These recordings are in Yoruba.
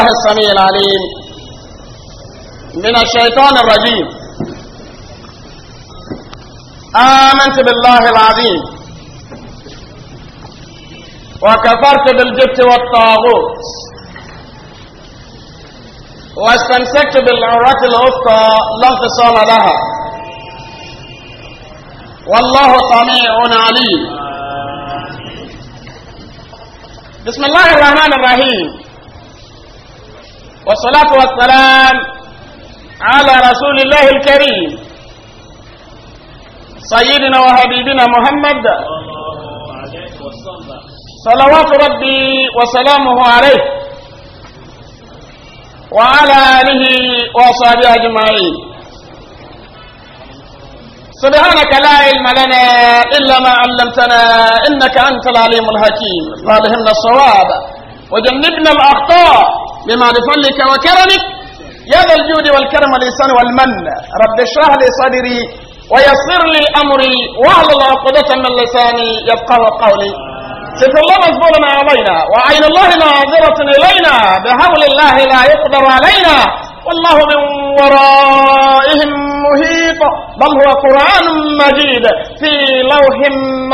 الله السميع العليم من الشيطان الرجيم آمنت بالله العظيم وكفرت بالجبت والطاغوت واستمسكت بالعروة الأفقى لا انفصال لها والله سميع عليم بسم الله الرحمن الرحيم والصلاة والسلام على رسول الله الكريم سيدنا وحبيبنا محمد صلوات ربي وسلامه عليه وعلى آله وصحبه أجمعين سبحانك لا علم لنا إلا ما علمتنا إنك أنت العليم الحكيم اللهم الصواب وجنبنا الأخطاء بما لفضلك وكرمك يا ذا الجود والكرم والإحسان والمن رب اشرح لي صدري ويسر لي أمري واعلل عقدة من لساني يفقه قولي سيف الله مزبول علينا وعين الله ناظرة إلينا بحول الله لا يقدر علينا والله من ورائهم محيط بل هو قرآن مجيد في لوح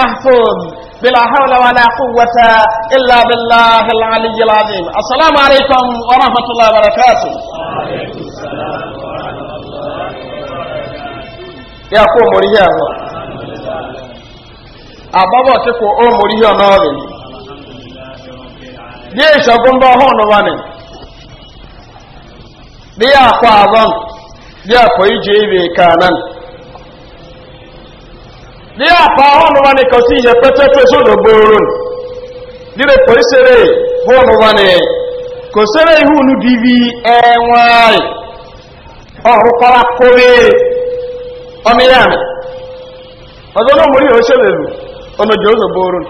محفوظ بلا حول ولا قوة إلا بالله العلي العظيم السلام عليكم ورحمة الله وبركاته وعليكم السلام ورحمة الله وبركاته يا قوم مريها أبابا تكو أو مريه ناظم ليش أقوم بهون واني ليا قوى أظن ليا قوى يجي بكانان ní àpá ọ̀nà wa ni kò sí ìyẹn pẹ́tẹ́pẹ́ sódò gbòòrò nílé pẹ̀lúṣẹ́rẹ́ fóònù wa ni ihu nu dìbí ẹ̀wọ̀n ọ̀rùn kọ́lá kórè ọmọ ìyá mi ọ̀dọ́ náà mo rí ìhòòṣẹ́ lèlù ọ̀nà jẹ́ òsò gbòòrò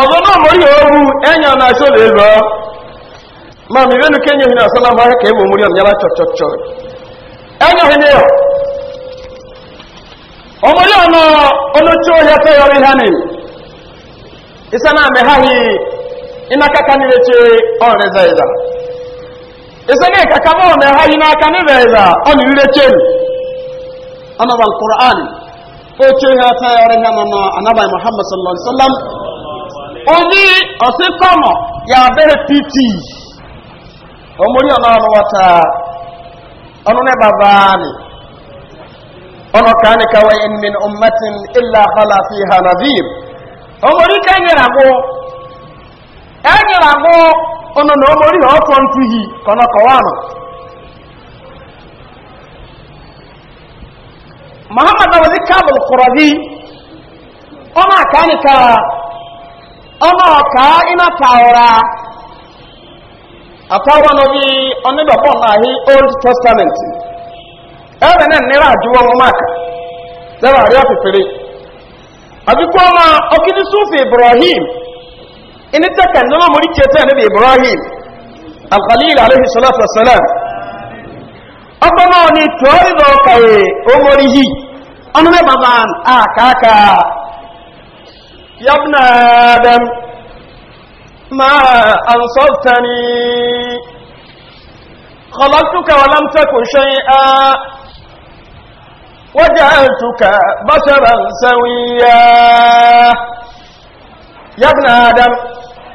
ọ̀dọ́ náà mo rí ìhòòrù ẹ̀yàn náà ṣó lè máa mi ọmọlẹ́ ọ̀nà olóòtú ohìá tó yọrí ha isa na mẹ́hàhì iná kaka nílé tí isa na kaka mọ́ mẹ́hàhì ha nọ muhammad sallallahu alaihi wasallam ozi ní ọ̀sẹ̀ kọ́mọ̀ pt ọmọlẹ́ ọ̀nà ọ̀nà ọmọ kan ní kawai in min ummatin illa khala fi ha nazir omori ka nyira bo enyira bo ono na omori ha ọtọ ntuhi kọnọ kọwanọ muhammad awazi kabul kurabi ọmọ kan ní ka ọmọ ọka ina tawara atawara no bi ọnidọbọ na ahi old testament ẹ̀rẹ̀ náà nira àjúwọ́ wọn máa kà lẹ́wà rí ọ̀fẹ̀fẹ̀rẹ̀ àbíkọ́ ọmọ ọkìdí súnfì ibrahim iní tẹ́kẹ̀ nínú mú ríkẹ́ tẹ́ níbi ibrahim alkhalil alayhi salatu wasalam ọgbọ́n náà ni tọ́ ìdọ̀ kàwé omori yìí ọmọ mẹ́ bàbá àkàkà yabna adam ma ansọ́tani خلقتك ولم تكن شيئا وجعلتك بشرا سويا يا ابن آدم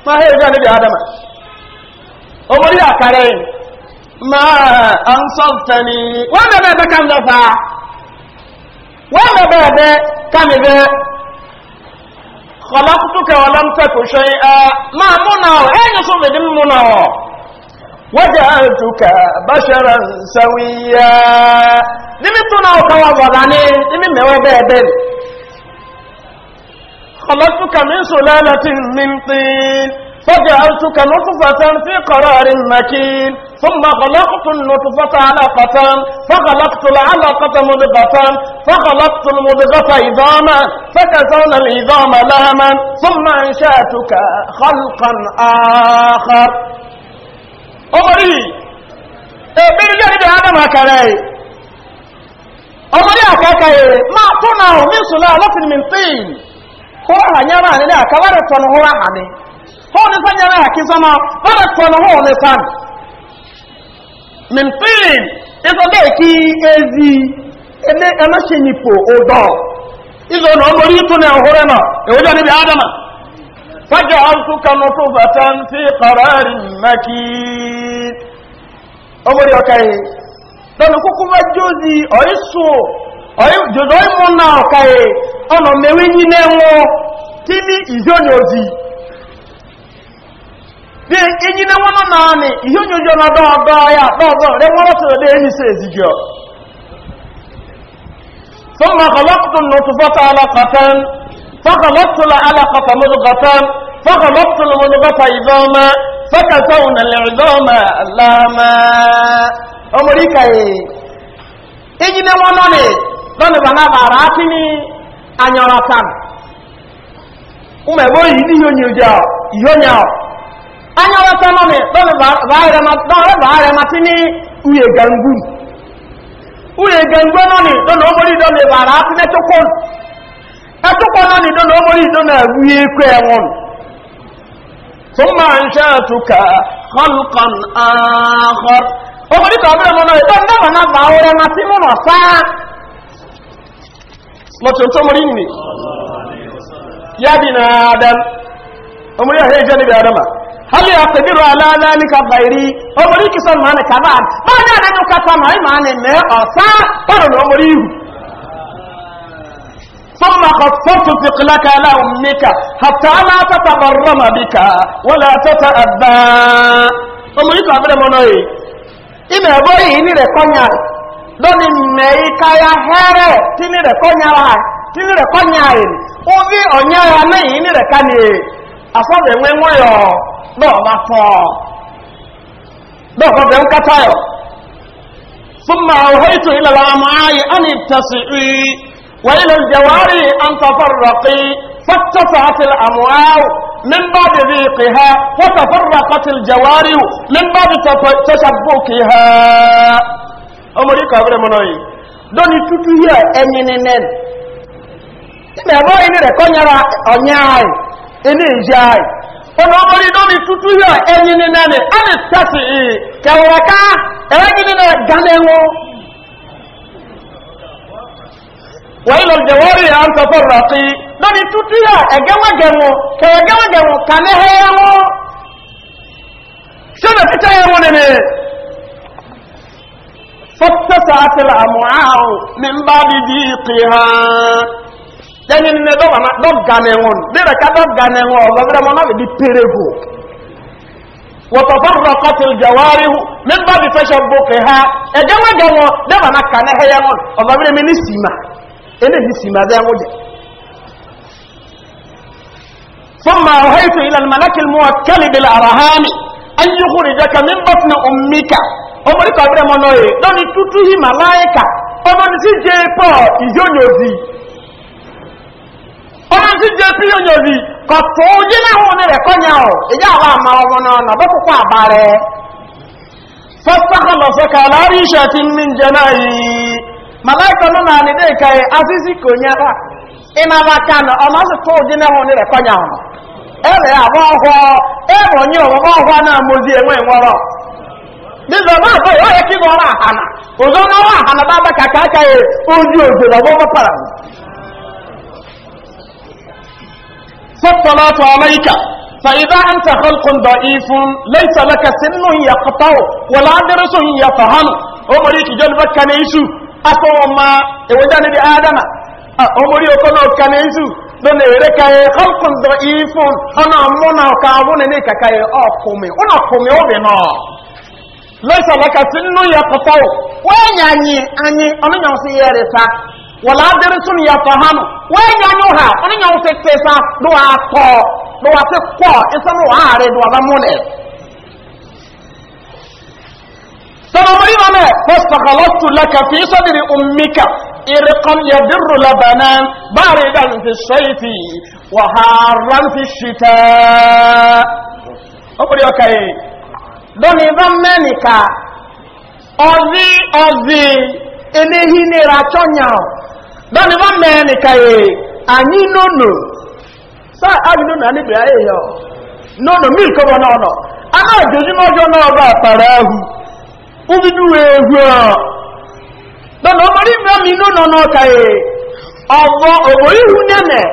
ما هي جانب آدم أمري أكرين ما أنصلتني وانا بابا كم دفع وانا بابا كم ذا خلقتك ولم تك شيئا ما منعو اين صمد منعو وجعلتك بشرا سويا نمي تونا وكوا ظلاني نمي ميو بيبن خلقتك من سلالة من طين فجعلتك نطفة في قرار مكين ثم خلقت النطفة علاقة فخلقت العلاقة مضغة فخلقت المضغة عظاما فكسونا العظام لاما ثم انشأتك خلقا آخر ọmọrí ẹ̀bẹ̀rẹ̀ lẹ́rin bẹ̀rẹ̀ adam àkàrẹ̀ ẹ̀ ọmọrí àkàkà ẹ̀ máa tó náà ò ní ṣùlá ọlọ́pìn mi fíìn kó àyẹ́rà nílẹ̀ àkàwárẹ̀ tọ̀nù hó ráhà ní hó ní sọ́nyẹ́rẹ́ àkísọ́mọ́ bọ́dẹ̀ tọ̀nù hó sàn kí ezi tó náà náà adama فجعلتك نطفة في قرار مكين أمري أكاي دانو مجوزي أيسو أي جوزي منا أكاي أنا ميويني نمو تيمي إيزونيوزي bí ẹni náà wọn náà ní dọ́ọ̀dọ́ ya dọ́ọ̀dọ́ wọ́n rọ́tọ̀ فخلطت العلقة مضغة فخلطت المضغة عظاما فكسونا العظام لاما أمريكا إجنا ونوني lọ́nà bàbá bàrá tí ní anyọ̀rọ̀ sam umẹ̀bọ́ yìí ní yóò ní ojú ọ̀ yóò ní ọ̀ anyọ̀rọ̀ sam ọ̀nà lọ́nà bàárẹ̀ ma tí ní uye gangun uye gangun ọ̀nà lọ́nà ọmọdé lọ́nà bàrá tí ní tókòlù ẹtụkwa na n'ido na ọmụrụ ido na-agụ ya ekwe enwụn tụmma nche atụka kọlkan ahọr ọmụrụ ka ọbụla mmanụ ịdọ ndị ma na ba ọhụrụ na si mụ na saa lọtụ ntọmụrụ imi ya dị na adam ọmụrụ ya ha eje n'ebe adam a hali ya tẹbiru alaala ni ka bayiri ọmụrụ ikisa mmanụ kaba a báyìí àdájọ kata ma maa ni mẹ ọsá ọdọ na ọmụrụ ihu ثم خففت ثقلك على أمك حتى لا تتبرم بك ولا تتأبى ọmọ yìí kàbí rẹ̀ mọ́nà yìí ìmọ̀ ẹ̀bọ́ yìí ní rẹ̀ kọ́nyà lónìí mẹ́yì káyà hẹ́rẹ̀ tí ní rẹ̀ kọ́nyà rà tí ní rẹ̀ kọ́nyà yìí ó bí ọ̀nyà rà mẹ́yì ní rẹ̀ ká ní àfọ́bẹ̀ ń وإلى الجواري أن تفرقي فاتسعت الأموال من بعد ذيقها وتفرقت الجواري من بعد تشبكها أمري كابر منوي دوني تتويا أنينين إن أبو إني ركون يرى أنياي إني إجاي onomori domi tutu yɔ ɛnyini nani ɛni tɛsi kɛwura ká ɛyɛ وإلى الجوارح أن تفرقي لن تطيع أجمع جمو كأجمع جمو كنه يمو سنة تتعيون لي فاتسعت الأمعاء من بعد ضيقها yẹni ní dọ́gba náà dọ́gba ní wọn bẹ́ẹ̀ ká dọ́gba ní wọn ọ̀gá bẹ́ẹ̀ mọ́ náà di péré hù wọ́tọ̀fọ́n rọ̀ kọ́tìl jẹ̀wárí hù mẹ́mbà ene ni sima da wuje thumma awhaytu ila al-malaki al-muwakkal bil arham an yukhrijaka min batni ummika omori ko abre mono e do ni tutu hi malaika omo ni si je po ijonyozi omo ni si je pi onyozi ko to je na ho ne re o e ja wa ma omo na rishatin min malaika no naane de ka yɛ asisi konya ba ima ba ka no ɔno ase to gye ne ho ne rekɔnya ho ɛbɛ abɔ hɔ ɛbɔ nye wɔ bɔ hɔ na mozi enwe nwɔrɔ nígbà bá bá yọ yẹ kí wọn wà hànà òzò náà wà hànà bá bá kàkà kà yẹ ojú òjò náà wọn bá para mi. sọ́tọ̀lá tó ń tẹ̀ kọ́lùkùn ìfún lẹ́yìn sọ̀lẹ́kà ìyàkọ̀tọ̀ wọ̀lá ń dẹ́rẹ́sọ̀ ìyàfọ̀ hàn ó mọ̀ ní ìkìjọ́ kàn ní iṣu afọ ọma eweja ni bi adama omori oko na oka na izu do na ere ka ye halkun do ifun ona mu na oka awu ne ne kaka ye okumi ona okumi obi no lesa laka sinu ya kotawo wanya anyi anyi ona nyawo si ya sa wala adere sun ya fa ha fahamu wanya anyi ha ona nyawo se pesa do ato do ate kwa isa no are do abamune فنمرين أنا واستغلطت لك في صدر أمك إرقا يدر لبنا باردا في الصيف وحارا في الشتاء أقول لك إيه دوني ضمنك أذي أذي إليه نراتونيا دوني ضمنك إيه أني نونو سا أجل ناني بأيه نونو ميكو نونو أنا أجل نونو بأطراه ubiduwe egwu eh, eh, oh, a dọna ọmọdé mi nọ n'ọka yìí ọ̀bọ ihu nẹ́nẹ̀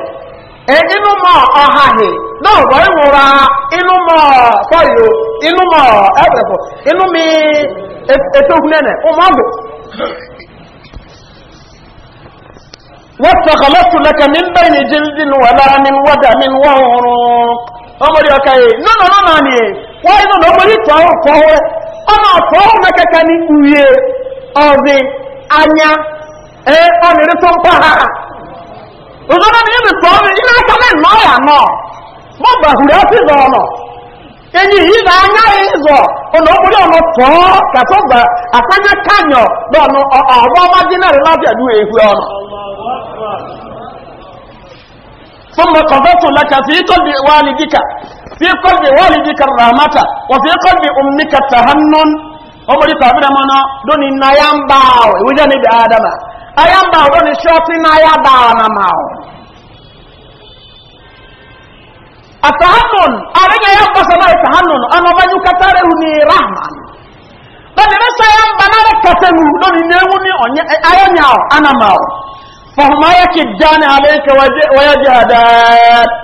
inú mọ̀ ọ̀hàhì náà ọ̀bọ̀ ìwúra inú mọ̀ fọ́yò inú mọ̀ ẹ̀bẹ̀fọ̀ inú mi ètò ihu nẹ́nẹ̀ ọmọdé wọ́n sọ̀kọ̀lọ́tù lẹ́kẹ̀ mi ń bẹ́ mi wọ́dà mi ọmọdé ọmọ ọ̀fọ́ ọmọ kẹta ní anya ẹ ọ tó ha òṣèlú mi yìí sọ mi ilé ẹ̀ka mẹ́rin náà yà náà anya ìzọ ọ̀nà ọkùnrin ọ̀nà tọ́ kẹtọ́ bà àtànyẹ kányọ̀ lọ́nà ọ̀bọ̀ ọmọdé fi qalbi walidika rahmata wa fi qalbi ummika tahannun omori tabira mono doni nayambao iwija ni adama ayambao doni shoti nayabao na mao atahannun arega yamba sama tahannun ana banyu katare ni rahman doni resa yamba na katenu doni newu ni onye ayanyao ana mao fahuma yakidani alayka wajhadat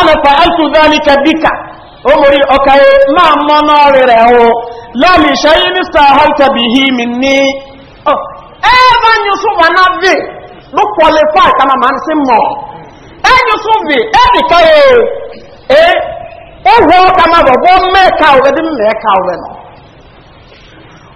ana fa'altu dhalika bika omori okay e, ma mo no rere o la li shay'in sahalta bihi minni oh ever you so wanna be do qualify kana man se mo ama you so be e bi ka e e ho kama bo me ka o de me ka o no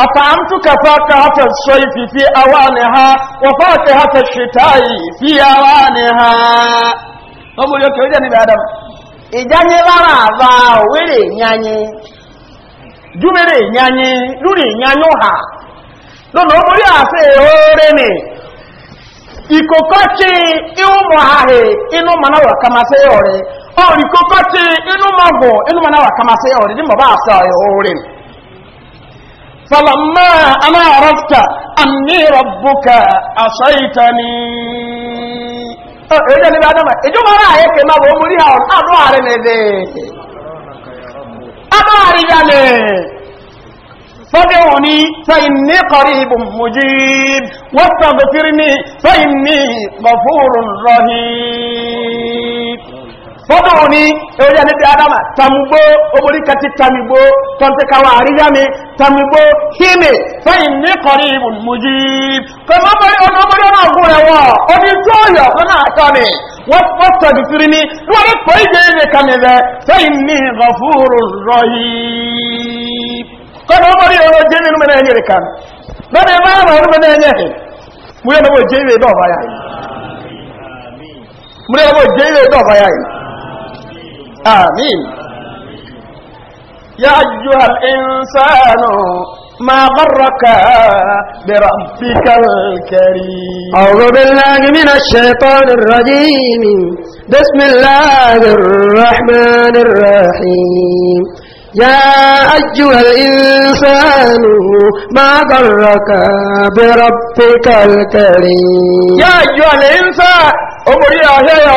أطعمتك فاكهة الصيف في أوانها وفاكهة الشتاء في أوانها أقول لك إذا آدم إذا نبرا وري ناني جمري ناني لوري نانيوها lọ́nà orí àṣẹ oore ni ìkòkò tí inú mọ̀ ààrẹ inú manáwà kàmáṣẹ́ ọ̀rẹ́ ọ̀rìkòkò tí inú mọ̀ gùn inú manáwà kàmáṣẹ́ ọ̀rẹ́ ní فلما أنا عرفت أني ربك أصيتني إذا أه، إيه لبعد ما إجو إيه مرا هيك إيه ما هو مريها أدو عرني ذي أدو فدعوني فإني قريب مجيب واستغفرني فإني غفور رحيم fọ́dọ̀ ní orí ẹni tí adama tamugbó oboríkàtí tamugbó tọ́ntẹ́kawà àríyámi tamugbó hími fẹ́yìn ní kọrí ìmùmújí kọmọ́bọ̀rí ọmọbọ̀rí ọmọ ọgbọ̀n rẹ̀ wọ́ omi tó yọ̀ lọ́nà àtọ́ni wọ́n tọ̀dù sírí ní wọ́n pọ̀ ìjẹ́ ilé kamẹ̀rẹ̀ fẹ́yìn ní ìrọ̀fúrù rọ̀yí kọmọ́bọ̀rí ọmọ jẹ́ nínú mẹ́rin ẹ̀yẹ̀ kan lọ́nà ẹ̀mọ́ ọmọ mẹ́rin ẹ̀yẹ̀ múlẹ̀ ọmọ jẹ́ آمين يا أيها الإنسان ما غرك بربك الكريم أعوذ بالله من الشيطان الرجيم بسم الله الرحمن الرحيم يا أيها الإنسان ما غرك بربك الكريم يا أيها الإنسان أمري أهيا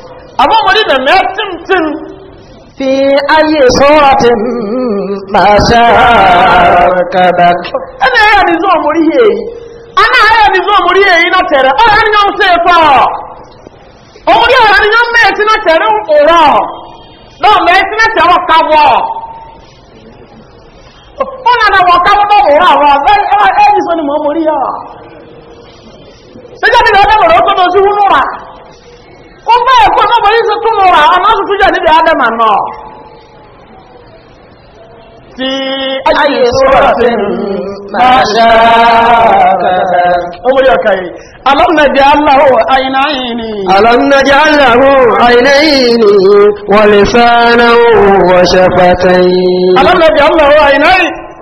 abọ́mọdé nà mẹ́ tìmtìm fi ayé sọ́wọ́ ti máa ṣe kàbàk ẹni ẹ̀yà ní zọ́ mọ̀rí èyí aná ẹ̀yà ní zọ́ mọ̀rí èyí náà tẹ̀rẹ̀ ọ̀rẹ́ ẹni yọ́n ṣe fọ́ ọmọdé ọ̀rẹ́ ẹni yọ́n mẹ́ ẹ̀sìn náà tẹ̀rẹ̀ òrọ̀ náà mẹ́ ẹ̀sìn náà tẹ̀rẹ̀ ọ̀kawọ́ ó nà wọ̀ ọ̀kawọ́ náà òrọ̀ àwọn ẹ̀yìn sọ ni mọ̀ mọ̀rí yọ ọba ẹ̀kọ́ náà bọ̀yí sí túnmọ̀ wà ọ̀nàṣù tó jẹ́ níbi adama náà tí ayé sọ́rọ̀tín máa ṣáàkàrà ọmọdé ọ̀kà yìí alọ́nàjẹ́ aláhò àìnáyìní alọ́nàjẹ́ aláhò àìnáyìní wọlé sáánà wọ́ṣẹ́fàtàyìn alọ́nàjẹ́ aláhò àìnáyìní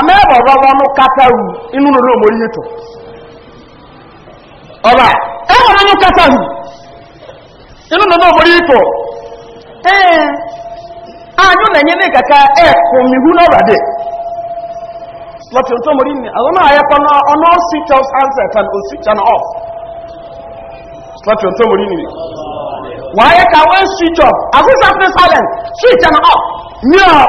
amẹ́bọ̀ rọwọ́nú kátàrù inú lórí omori yẹ́tò ọba ẹwọ̀n nínú kátàrù inú lórí omori yẹ́tò ẹ̀ẹ́ ààyún lẹ́yìn ní kàkà ẹ̀kọ́ mihú lọ́rọ̀dẹ̀ lọ́tí tó mọ̀rí ní off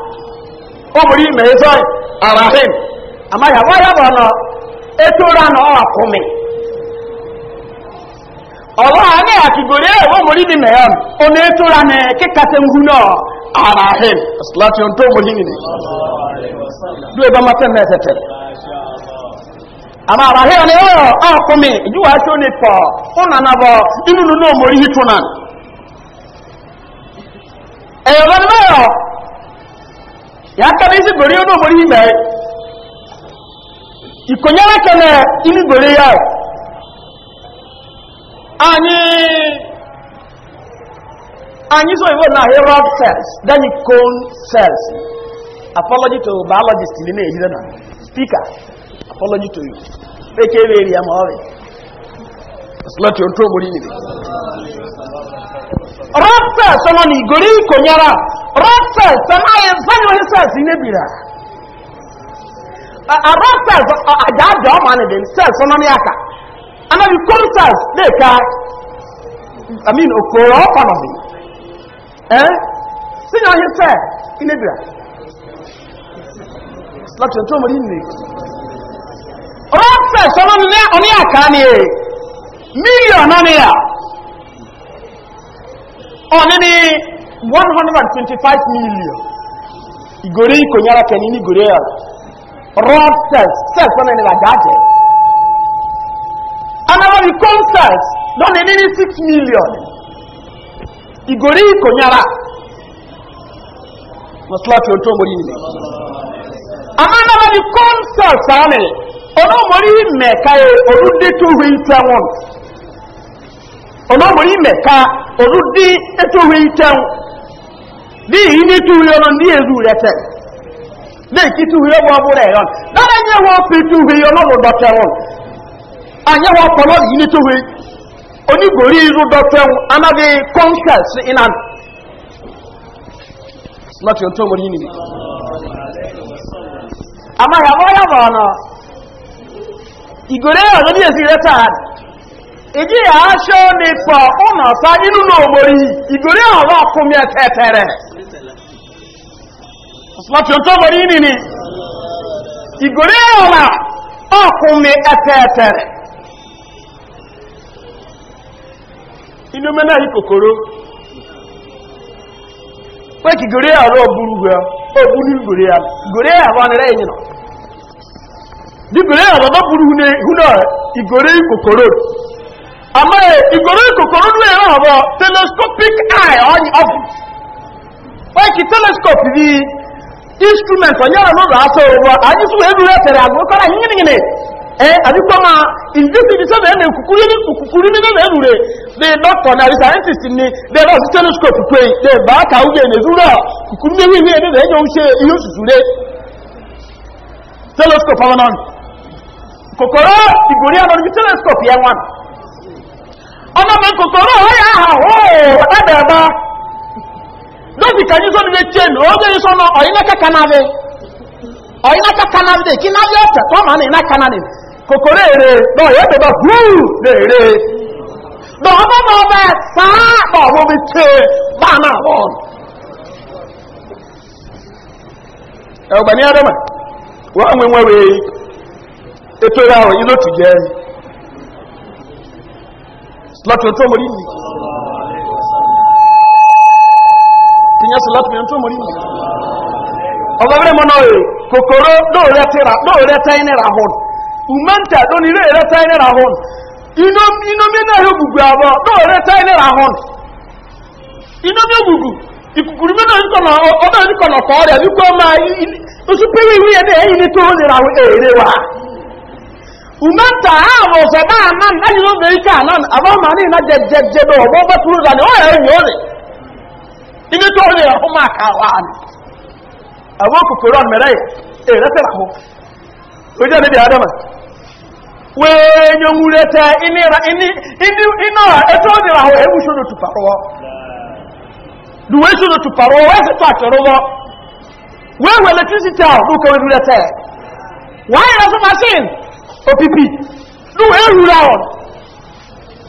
omori mai zoi arahim amma ya wa ya bụ no eto na no akumi ọwọ́ àárẹ̀ àtìgòrí ya mọ̀rí ní mẹ́ọ̀n omi tó ọ na kíkàtẹ̀ ń na náà ara ahìm láti ebe ara ahìm na ó ọkùnmi ìjúwà tó ní pọ̀ ó nànà bọ̀ inú nínú mọ̀rí ya kara isi gbere ihe n'obodo ime ikonyere kene imi gbere ya anyị anyị so iwe na herod cells then cone cells apology to biologist li na-ejide na speaker apology to you ekere eri ya ma ọrịa asalatu ọ̀tọ́ omori nìyí rọ́pẹ̀ sọmọ ní ìgòrí ìkònyára rọ́pẹ̀ sọmọ ìfẹ́lẹ̀ sẹ́ẹ̀sì níbìrà rọ́pẹ̀ àjájọ ọmọ ànìdì sẹ́ẹ̀sì sọmọ ní àkà anábi kọ́ntàs lè ka amin mean ọ̀pọ̀ nọ̀bì ẹ́ sínú ọ̀hìn sẹ́ẹ̀ níbìrà asalatu ọ̀tọ́ omori million naira ọ̀ní ní 125 million ìgòrí ìkòyára kẹni ní ìgòrí ẹ̀ rod cells cells fún ẹni làjájẹ́ anabọ́bí cone cells lọ́nà ní ní 6 million ìgòrí ìkòyára wọ́n slọ́tí ohun tó mọ̀rí ilẹ̀ àmọ́ anabọ́bí cone cells sáà ní ọ̀nà mọ̀rí mẹ̀ka ẹ̀ orúndé tó rí tẹ́wọ̀n ọ̀nà ọmọrí mẹ̀ká òdú dí ẹtùwé ìtẹ́un bí i ní túwé ọ̀nà ní èrú rẹ̀ tẹ̀ lè kí ọmọ ọmọ rẹ̀ yọ̀n lára ẹ̀yẹ wọ́n fi túwé ọlọ́run dọ̀tẹ̀wọ̀n àyẹ̀ wọ́n pọ̀lọ́ yìí ní túwé onígbòrí irú dọ̀tẹ̀wọ̀n anábì kọ́ńkẹ̀sì iná láti ọ̀tọ́ ọmọrí nìyí àmọ́ ìyàwó yàwó ọ̀nà ìgòrè ọ̀nà ní èsì rẹ̀ ìdí àṣọ nípa ọmọ ọ̀sá inú náà mọ̀rí ìgòrí àwọn ọkùnmí ẹ̀tẹ̀ẹ̀tẹ̀rẹ̀ ọ̀sọ̀tí tó mọ̀rí ní ni ìgòrí àwọn ọkùnmí ẹ̀tẹ̀ẹ̀tẹ̀rẹ̀ inú mẹ́nà yí kòkòrò pé kì gòrí àwọn ọ̀bùrú ya ọ̀bùrú gòrí àwọn gòrí àwọn ya yìí nà bí gòrí àwọn ọ̀bùrú ìgòrí àmọ́ ìgòrò ìkòkòrò ní ẹ̀rọ ọ̀rọ̀ telescopic eye on office wọ́n kì telescope bí instrument ọ̀nyẹ́rọ̀ ló ràá sọ ọ̀rọ̀ àyíṣùwẹ̀ ẹ̀rọ ẹ̀tẹ̀rẹ̀ àgbọ̀kọ́rà yínyìnyìnyìn ẹ̀ àdúgbò máa ìdíṣẹ́bí sọ́bẹ̀ ẹ̀nà ìkùkúrí ní ìkùkúrí ní mẹ́rin ẹ̀rù rẹ̀ lè dọ́kọ̀ náà scientist ni lè lọ́sí telescope pé lè bá kàwé ẹ̀nẹ̀zúrọ̀ kùkúrí ní wíwí ẹ̀nẹ̀ ẹ̀yọ́ ń ṣe telescope ọmọ náà kòkòrò ìgòrí àwọn telescope yẹn wọn ọmọ mi kòkò ah, oh, náà wọ́n yà áhàhó ẹ̀bẹ̀ẹ̀bá lóbi kàní sọ́nù lè chain oógé na sọ́nà ọ̀yínákà kanáàbí ọ̀yínákà kanáàbí kí náà yẹ́ tẹ̀tọ́ ma ní iná kanáàbí kòkò rèèrè náà yẹ́ na na. salatu yanto muri ni kinya salatu yanto muri ni ọgbẹ́rẹ́ mọ́nà ọ̀rẹ́ kòkòrò lóòrẹ́ta inera hùn umenta lóní lóòrẹ́ta inera hùn inomina ogbugu abọ́ lóòrẹ́ta inera ìkùkùrù umanta ha bụ ụfọdụ anan anyị nọ n'ike anan abụọ ma niile na ọgbọ batụrụ ụzọ anyị ọ ya enyi ole ihe tụọ ahụ ma ka awa anyị abụọ mere ya ahụ ndị wee nye ịnị ịnị etu ọ dịrị ahụ ewu duwe wee achọrọ wee wee ahụ wee sọ machine opipi do ehura on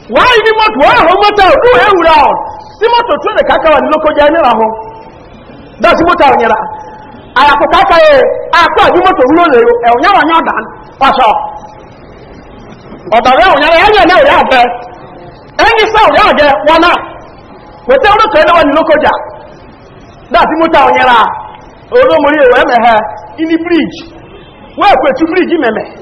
why ni moto wa ho moto do ehura on si moto to de kaka wa ni loko je ni ra ho da si moto wa nyara aya ko kaka e akwa ni moto wuro le e onya wa nya dan paso odare onya e ya e ya na ya be enyi sa onya je wona wete wuro to ni wa ni loko ja da si moto wa nyara odo mori e ha mehe ini bridge we kwetu bridge meme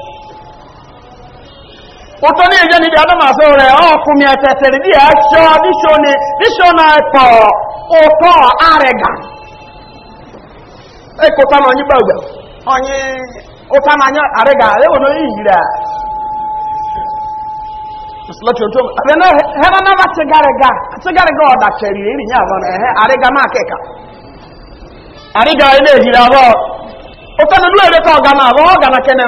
òtọ́ ní ndị níbi adámasó rẹ̀ ọ̀fún oh, mi ẹ̀tẹ̀tẹ̀ rí bí ẹ̀ṣọ́ díṣọ́ ni díṣọ́ náà pọ̀ òtọ́ àrẹ̀gà ẹ̀kọ́ tánà ọ̀nyí gbàgbà ọ̀nyí òtánà àrẹ̀gà ẹ̀wọ̀n ní ìyìrà ìsìlọ́tì ojú ọmọ ẹ̀rẹ́ náà náà bá ti ọ̀dà kẹrì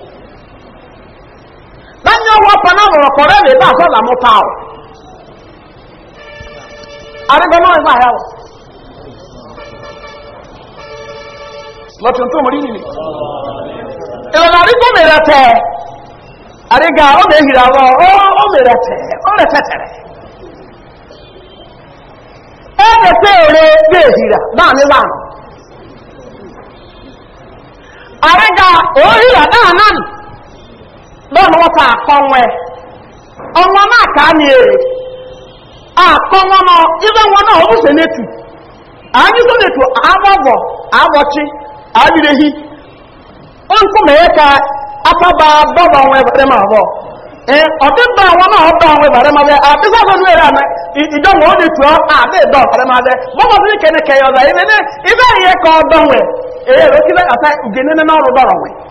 daniel na náà rọ̀ kọ̀rẹ́ lè bá àfọ́là mú pa ọ̀ arẹ́gbẹ́ náà ìgbà àyàwó lọ́tún tó mọ̀rí nìyí ìrọ̀lá àrígbó mèrè tẹ̀ àrígà ó mè hìrà wọ́ ó mèrè tẹ̀ ó rẹ̀ tẹ̀tẹ̀rẹ̀ ó rẹ̀ pé òre gbé hìrà náà ní láàrín lọ́nà wọ́ta àkọ́wẹ́ ọmọ náà ká ní èrè àkọ́wọ́ náà ilé wọn náà ó sì létù àájúkú létù àwọ̀wọ̀ àwọ̀chí ó ń kún ka apába bọ́bọ̀ àwọn ẹbẹ̀rẹ̀ máa bọ̀ ọdún bá náà bọ́ àwọn ẹbẹ̀rẹ̀ máa na àbísọ́sọ́ ní ọ́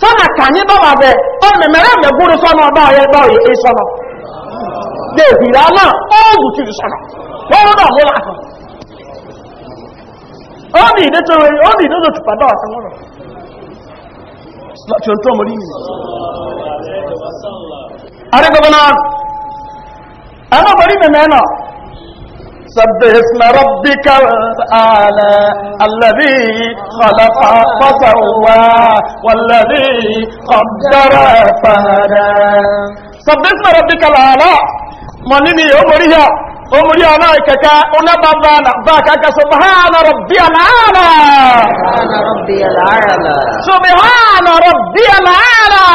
sọ́nà kàyí dọ́wà bẹ̀ ọmọ mẹ́rẹ́ mẹ́ gúrú sọ́nà ọba ọ̀yẹ́ dọ́yẹ é sọ́nà lè hìrá náà ó lù kiri sọ́nà wọ́n náà mú láàrín ó ní ìdẹ́tọ́ rẹ̀ ó ní ìdẹ́tọ́ tùpàdà àtàwọ̀rọ̀ láti na. mọ̀rí سبح اسم ربك الأعلى الذي خلق فسوى والذي قدر فهدى سبح اسم ربك الأعلى منني يوم ومولي ملائكك ونبضا باك سبحان ربي العالى سبحان ربي العالى سبحان ربي العالى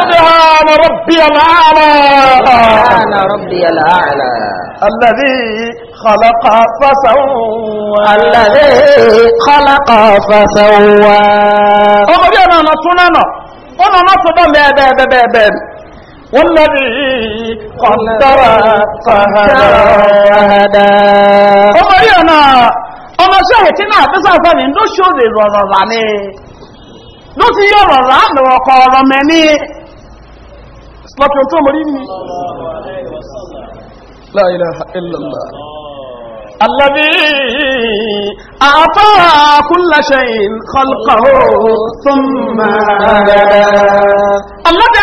سبحان ربي العالى سبحان ربي العالى الذي خلق فسوى الذي خلق فسوى والذي قدر فهدى أمرينا أما شاهدنا بسافة من دو شوذي الوزراني دو سيو الوزران وقال مني صلاة يوم مريني لا إله إلا الله الذي أعطى كل شيء خلقه ثم هدى الذي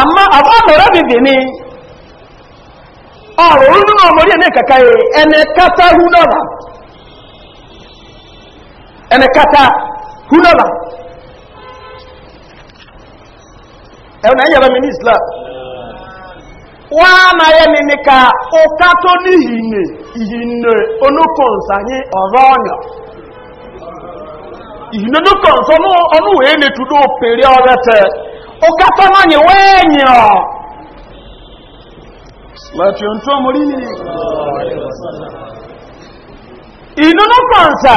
amma abu dị bibi ni ọ̀rọ̀ orúkú náà mọ̀rí ẹni kàkà ẹni kata húnọ́bà ẹni kata húnọ́bà ẹ̀wọ̀n na bá mi ní islam wọ́n á máa mi ka ọ̀ká tó ní ìhìnè ìhìnè onúkọ̀nsányé ọ̀rọ̀ ọ̀nà ìhìnè onúkọ̀nsánú ọ̀nùwẹ̀ẹ́ lè túdó ukatamanye wenyo lati onto muri inono kwanza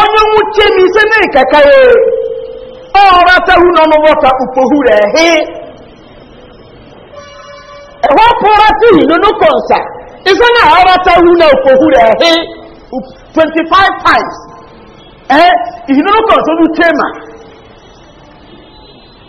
onye nwuche mi se ne kakaye ora ta hu no mota upohure he ewa pora ti na ora ta na upohure he 25 times eh inono onye ma.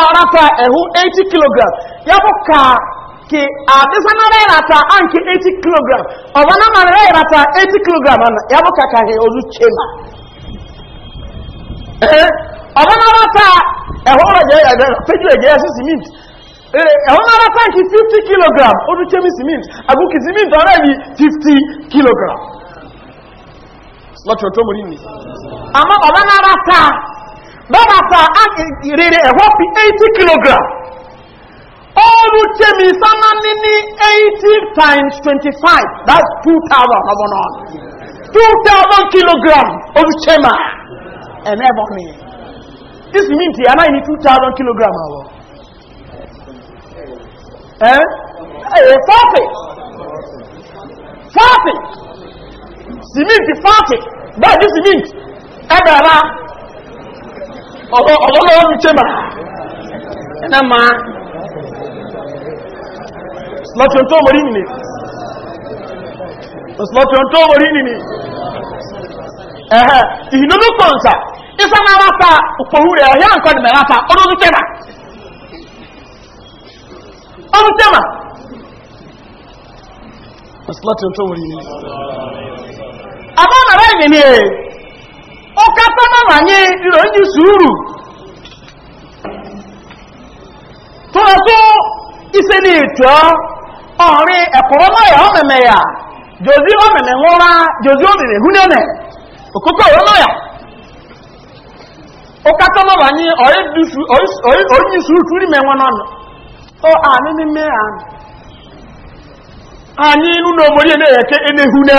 ọ̀rata ẹ̀hún 80 kg ya bụ ka kí àdísáná rẹ̀ ìrata àǹkì 80 kg ọ̀bọ̀nà bụ rẹ̀ ìrata 80 kg yàbọ̀ ka kàhẹ̀ ojú chema eh, ọ̀bọ̀nà rata ẹ̀hún rẹ̀ jẹ́ ẹ̀sí cement ẹ̀hún eh, rata nke 50 kg ozu chemi cement agúkì cement ọ̀rẹ́ ni 50 kg lọ́tọ̀ tó mú ní àmọ́ ọ̀bọ̀nà rata bẹ́ẹ̀ ta ìrere ẹ̀họ́ fi 80 kg ọrún tẹ́mi sánà ní ní 80 times 25 that's 2,000 ọmọ náà 2,000 kg ọrún tẹ́mà ẹ̀mẹ́bọ̀ mi this mean ti aláì ní 2,000 kg àwọ̀ ẹ́ ẹ̀ fọ́fì fọ́fì Cement fọ́fì bẹ́ẹ̀ this simint ẹ̀bẹ̀rẹ̀ ọ̀rọ̀ ọ̀rọ̀ ní ma na ma slọ́tún tó mọ̀rí nìní slọ́tún tó mọ̀rí nìní isa na rata òpòrú rẹ̀ ọ̀hẹ́ nǹkan dìmẹ̀ rata ọdún tẹ́mà ọdún tẹ́mà slọ́tún tó mọ̀rí nìní àbá mẹ́rẹ́ ọkàtà náà wànyé ìròyìn sùúrù tó lọ tó iṣẹ́ ní ìtọ́ ọ̀rin ẹ̀kọ̀rọ̀ lọ́yà ọ̀mẹ̀mẹ̀ yà ọ ọ̀mẹ̀mẹ̀ ńlọ́ra jòzí ọ̀mẹ̀mẹ̀ húnẹ̀nẹ̀ òkókò ọ̀rọ̀ lọ́yà ọkàtà náà wànyé ọ̀yìn sùúrù túrí mẹ́wọn náà ọ àmì mímẹ́ àmì na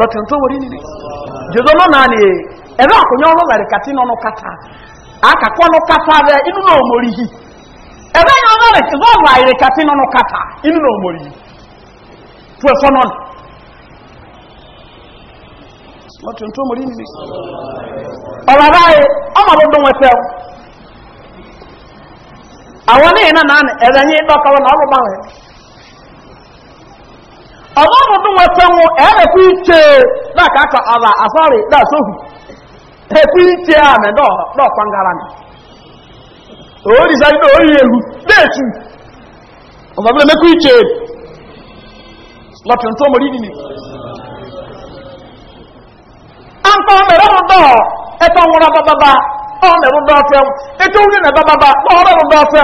lọ́tí tó wọ́n rí nìrí ni ẹ̀rọ àkùnyọ́ ọ̀rọ̀ lẹ́rẹ̀ nínú kàtà àkàkọ́ nínú kàtà rẹ̀ inú náà mórí yìí ẹ̀rọ yẹn ọ̀rọ̀ rẹ̀ kìí nínú inú náà yìí tó náà ọdún wọn sanwó ẹ̀ẹ́dẹ̀kú ìtse láàkàkà ọ̀la àsáré dáṣóhù ẹ̀kú ìtse àmì dọ̀ọ̀pangara mi òórì sáré náà òórì ewu déètù ọ̀bàbílẹ̀ mẹ́kú ìtse lọ́tún tó mọ̀rí nìyí. a ń kọ́ mẹ́rọ mú dọ̀ ẹ̀tọ́ wọn bá bá bá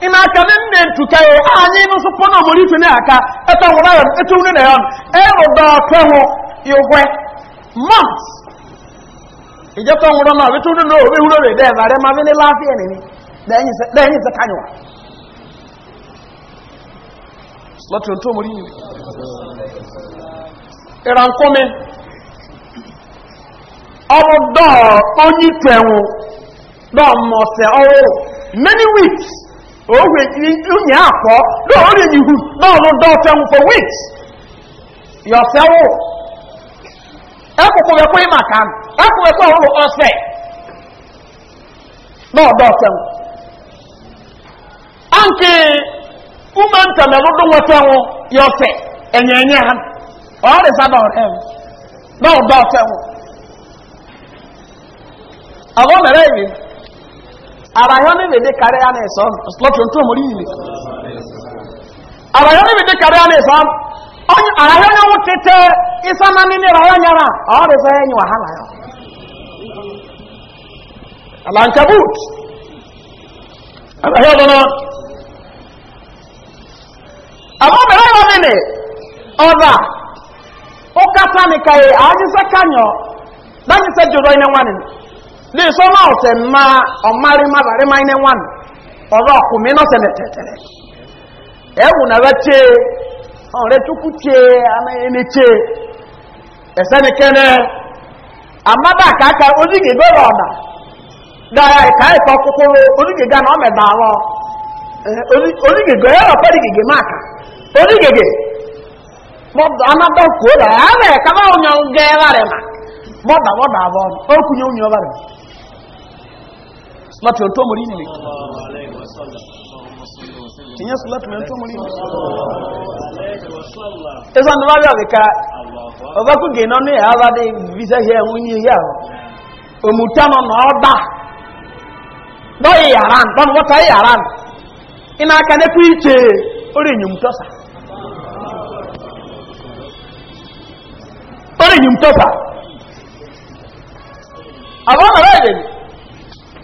ina aka ne nne ntuka yi a ah, anyị nso pọ na ọmụrụ ife n'aka eto nwụrụ ayọ eto nwụrụ na ya ero da ọtọ hụ igwe mont ije tọ nwụrụ na ọbịa tụrụ na obi hụrụ rede ma re ma vini lafiya ne ni da enyi se kanyọ lọtọ ntọ ọmụrụ yi ịra nkụmi ọrụ dọọ onye ikwe nwụ dọọ mmọsị ọrụ many weeks òwe ìyìn àpọ̀ lóòrí ihu náà ló dán for weeks yọ̀fẹ́ wò ẹkùnkùn ẹkùn ìmà kan ẹkùnkùn ẹkùn ọ̀rọ̀ ọ̀fẹ́ náà dán ọ̀fẹ́ wò áǹkì ọmọ ntẹ̀lẹ̀ ló dún wọ́fẹ́ wò yọ̀fẹ́ ẹ̀yẹ̀ẹ̀yẹ̀ hàn àbáyọ́ níbi dé kárí á ní ìsọ́m slọ́tún tó mọ̀rí ìlú àbáyọ́ níbi dé kárí á ní ìsọ́m àbáyọ́ ní wọ́n tètè ìsọ́mà nílé ràyọ́ nyara ọ̀rẹ́ fẹ́ yẹn wàhálà yọ alankabut àbáyọ́ lọ́nà àbọ̀ bẹ̀rẹ̀ lọ nílé ọ̀dà ó kásá ní sọ́mọ́ ọ̀sẹ̀ ma ọ̀márí má bàrí má iná wọn ọ̀rọ̀ ọkùnrin náà sẹlẹ̀ tẹ̀tẹ̀rẹ̀ ẹ̀wù ọ tẹ ọ̀rẹ́ tukú tẹ ẹni tẹ ẹ̀sẹ́ni kẹ́nẹ́ àmàbà kàkà onígè gbọ́rọ̀ ọ̀nà dára ìka ìkọ kúkúrú onígè gánà ọ̀mẹ̀bà lọ onígè gbọ́rọ̀ ẹ̀rọ pẹ́ẹ́lí salatu yanto muri ne tinye salatu yanto muri ne esa ndo babya bika oba kugina ne aba de visa ni unyi ya omutano na oba do yaran don wata yaran ina aka ne ku nyum nyum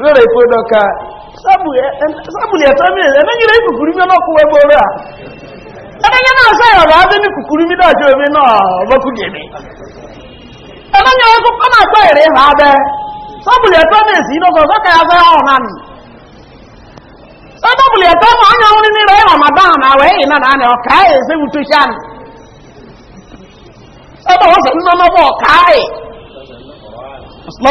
rere ikwedo ka sabuli ẹ̀tọ́mí ẹ̀nẹ́yìnrẹ́ ìkùkùrú mi ọlọ́kùn ẹgbẹ́ a à ẹ̀nẹ́yìn náà sẹ́yọ̀ rẹ̀ adé ní kùkùrú mi dájọ́ omi náà ọlọ́kùnjẹ̀ mi ẹ̀nẹ́yìn ọkọ̀ kọ́nà àgbẹ́ ìrẹ́ ha bẹ́ sabuli ẹ̀tọ́mí èsì iná sọ sọ́kẹ́ afẹ́ na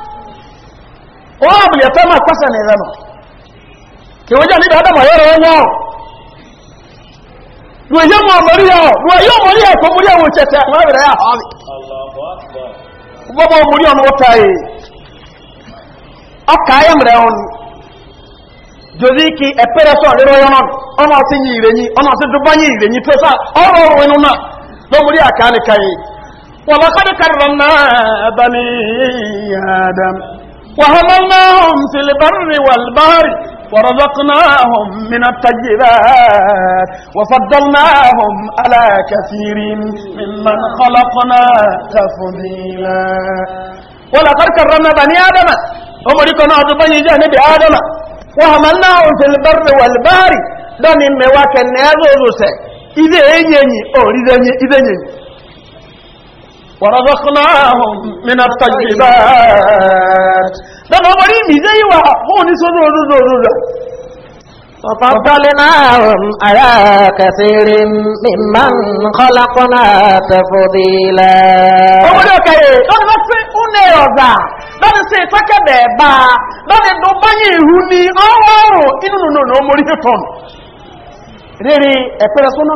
wọ́n àbìlẹ̀ fẹ́ máa pẹ́sẹ̀ ní ìrẹ́nà kí wọ́n jẹ́ níbi adama yọ́rọ̀ wọ́n wọ́n lu èyí mọ̀ mọ̀rí ẹ̀ lu èyí mọ̀rí ẹ̀ tó múrí ẹ̀ wọ́n tẹ̀tẹ̀ wọ́n rẹ̀ yà hàn gbogbo múrí ọ̀nà wọ́ta yìí ọkà ayé mìíràn ọ̀n jòzí kí ẹ̀pẹ́rẹ́ sọ̀ lérò yọ̀nà ọ̀nà ọ̀sìn yìí ìrẹ̀yìn ọ̀nà ọ̀sìn dúbọ́ yìí ìrẹ̀yìn tó sá ọ̀rọ̀ òun inú náà ló múrí àkàlẹ̀ kàyè wọ́n lọ́kọ́ وحملناهم في البر والبحر ورزقناهم من الطيبات وفضلناهم على كثير ممن خلقنا تفضيلا ولقد كرمنا بني ادم ومريكنا بني جانب ادم وحملناهم في البر والبحر دم مواكن نازوزوسه إذا يني أو إذا يني ورزقناهم من الطيبات ما أمري ميزي وحقون سنور نور وفضلناهم على كثير ممن خلقنا تفضيلا أمري أكي أنا بس أنيوزا lọ́dún sí ìtọ́kẹ́ bẹ̀ẹ̀bá با. tó báyìí ìhú ní ọwọ́rùn inú nínú ọmọ orí ẹ̀tọ́nù rírí ẹ̀pẹ̀rẹ̀ sọ́nà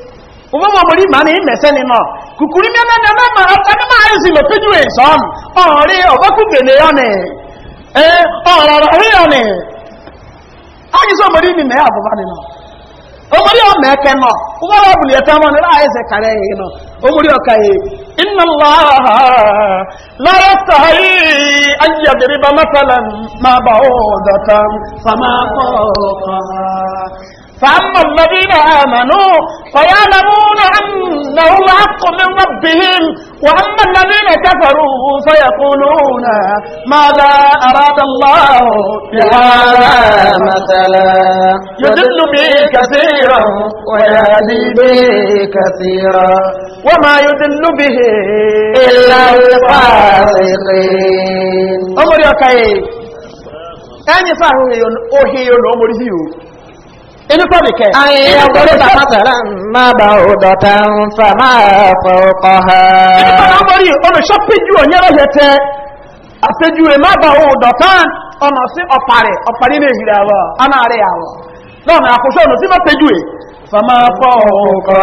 ụmụ mamori ma na imese ni nọ kukuri mi na na ma ọta ni ma ayo si lo peju e so mi ori ni eh oro ro ni aji so mori ni me abuba ni no no uwa ro buli eta mo ni ra ese kare yi no omori فأما الذين آمنوا فيعلمون أنه الحق من ربهم وأما الذين كفروا فيقولون ماذا أراد الله بهذا مثلا يضل به كثيرا ويهدي به كثيرا وما يضل به إلا الفاسقين أمر يا كاي أني فاهم أوهي الأمر هيو inú pọ́bì kẹ. àyẹ̀yẹ̀ ọgbọ́n bàbá sọ̀rọ̀ má bà ó dọ̀tà ń fà má fọ ọkọ̀ ha. inú pọ́bì amọ̀rí olùṣọ́ péjú ònyẹ́rọ̀ yẹ tẹ àpéjú ẹ̀ má bà ó dọ̀tà ọ̀nà sí ọ̀pàrẹ̀ ọ̀pàrẹ̀ ilé ìhìrẹ̀ àwọ̀ ọ̀nà rẹ̀ àwọ̀ lọ́nà àkóso ọ̀nà sí má péjú ẹ̀ fà má fọ ọkọ̀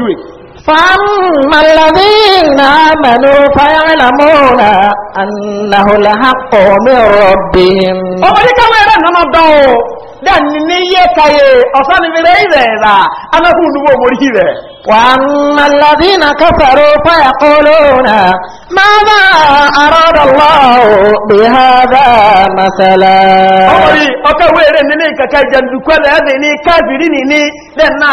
ha. iṣẹ́ فأما الذين آمنوا فيعلمون أنه الحق من ربهم أولي كويرا نما دو dan ni ye kaye osan bi re re la ana ku nuwo mori re wa ammal ladina kafaru fa yaquluna ma ma arada allah bi hadha masala ori o ka we re ni ni ka ka jandu ko la ni kafiri ni ni den na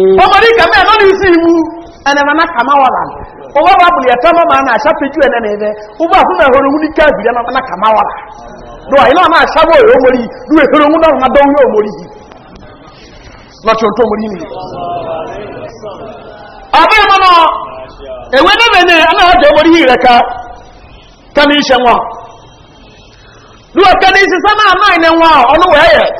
ẹnẹmọ́nà kàmáwàlà ọwọ́ wa na ẹ̀tọ́ mọ́ máa náà na ẹ̀ nẹ́nà ẹ̀fẹ́ ọgbà fún náà ẹ̀họ́rọ̀ wúni káàbì rẹ̀ mọ́nà kàmáwàlà lọ́wọ́ iná máa ṣàbọ̀ ẹ̀ ọmọrí lú ẹ̀họ́rọ̀ wúni náà dán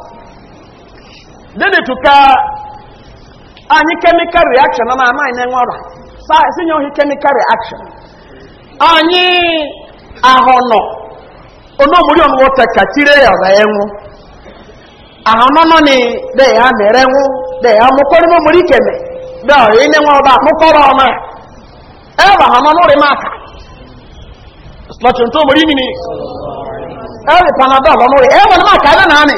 dede tuka anyị chemical reaction na anaghị na-enwe ọra sinye ohi chemical reaction anyị ahụnọ onomori ọnụwọ tekatire ọra enwu nọ ni de ya mere enwu de ya mụkọrọ n'omori keme de ọrịa ịnye nwa ọba mụkọrọ ọma ebe ahụnọ n'ụrị aka lọchị ntụ omori nini ebe panadol ọnụrị ebe ọnụ maka ebe na anị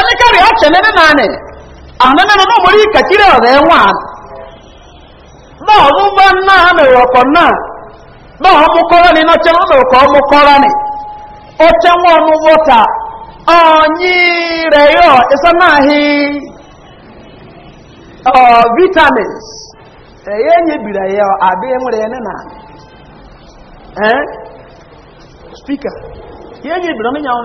ẹnikẹ́rì ọ̀tẹ̀ nínú náà ni àmì nínú náà mórí kẹ̀kiri ọ̀rẹ́ wọn náà ọdún bá náà mẹ̀rọ ọ̀pọ̀ náà náà ọmú kọ́rọ́ ni iná tẹ́ ọkọ̀ ọmú kọ́rọ́ ni wọn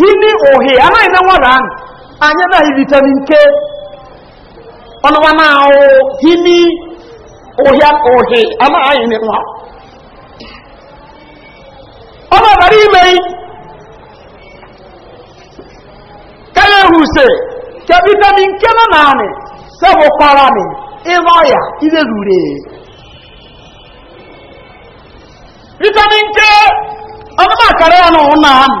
yini ohe anaghị na nwada ahụ anyị anaghị vitamin k ọnụwa na ahụ yini ohe ohe anaghị na nwa ọ na-abara ime kaya huse ka vitamin k nọ naanị sebụkwara e m ịrụ ọya ire rure vitamin k ọnụma akara ya na ụnụ ahụ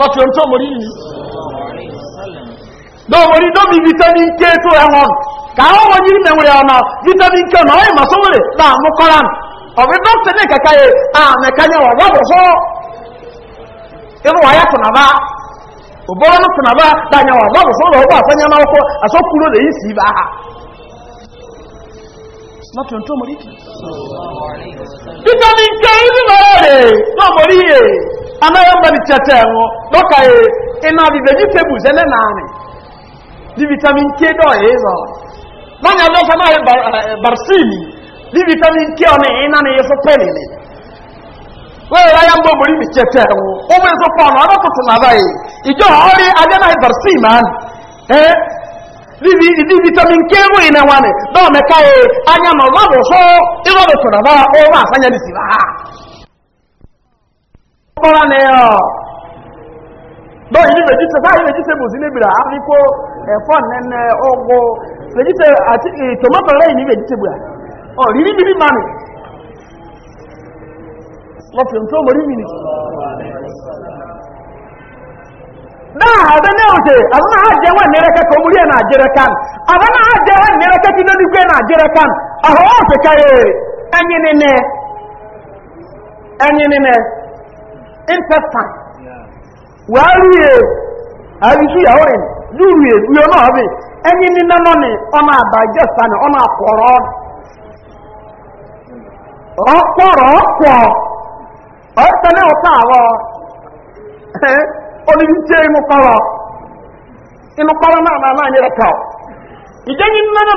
lọ́tí ohun tó mọ̀rí ní dọ́mọ̀rí dọ́mí vitamin k ka ẹwọ́n káwọn wọ́n yìí mẹ́wẹ̀rẹ̀ ọ̀nà vitamin k náà ìmọ̀ sówẹ̀rẹ̀ láàmú kọ́ran ọ̀bí dọ́kítà ní kẹ̀kẹ́ yẹ àmẹ́kányẹ wọ̀ rọ́bọ̀ fọ́ inú wáyé tùnàbá òbọ́rọ̀ tùnàbá dáyẹ wọ̀ rọ́bọ̀ fọ́ lọ́wọ́ àfẹ́yẹmáwọ́kọ́ àsọ́kúrò lè yí sí lọ́tún tó mọ̀ ríkì. Títọ́ ní kẹ́ inú lọ́rọ̀ rẹ̀ náà mọ̀ rí è, anáyọ́mọ̀lì tẹ̀tẹ̀ wọn lọ́kà è, iná di vegetable ṣẹlẹ̀ láàrin, di vitamin K dọ̀ èé lọ. Lọ́nà ọlọ́sọ náà barsini, eh, eh, di vitamin K ọ̀nà iná ni yẹsọ pẹ̀lì ni. Wọ́n yẹ láyá ń bọ̀ mọ̀ rí mi tẹ̀tẹ̀ wọn, ó mọ̀ yẹsọ pọ̀ ọ̀nà ọlọ́tún tó nàbáyé, náà barsini máa eh, ibi vitamin k enweghị na nwanne dọmeka ya anya nọ mmadụ sụ ịrọdụtụrụ ba ụlọ asanya n'isi ha ah. ọkpọrọ na ya dọọ ihe vegetables n'ebiri akwụkwọ efọ eh, nnenne ụgwụ eh, tomato rei na vegetable ọ riri mmiri mmanụ nto ni. daa ɔbɛ ne ose ɔbɛn a jɛ wɛn nɛrɛ kɛ kɔmuli yɛ na kan a na jɛrɛ kan ɔhɔn ose ka ye ɛnyini nɛ ɛnyini nɛ nfɛ fan wàhálù yɛ àyùsù yà wẹ̀ lùrù yɛ lùyɛ náà bɛ ɛnyini nánà ni ɔnà àbàjɛ sani ɔnà kɔrɔ wɔ oni nche mu kọrọ inu kọrọ náà náà náà nyere nínú náà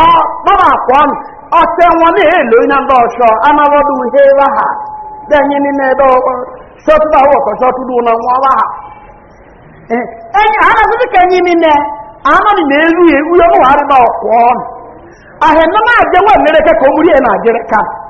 ọ bàbá àkọ nù ọtẹ wọn ní èlò iná bá ọṣọ anáwọdù ihe wá nínú bá dùn náà wá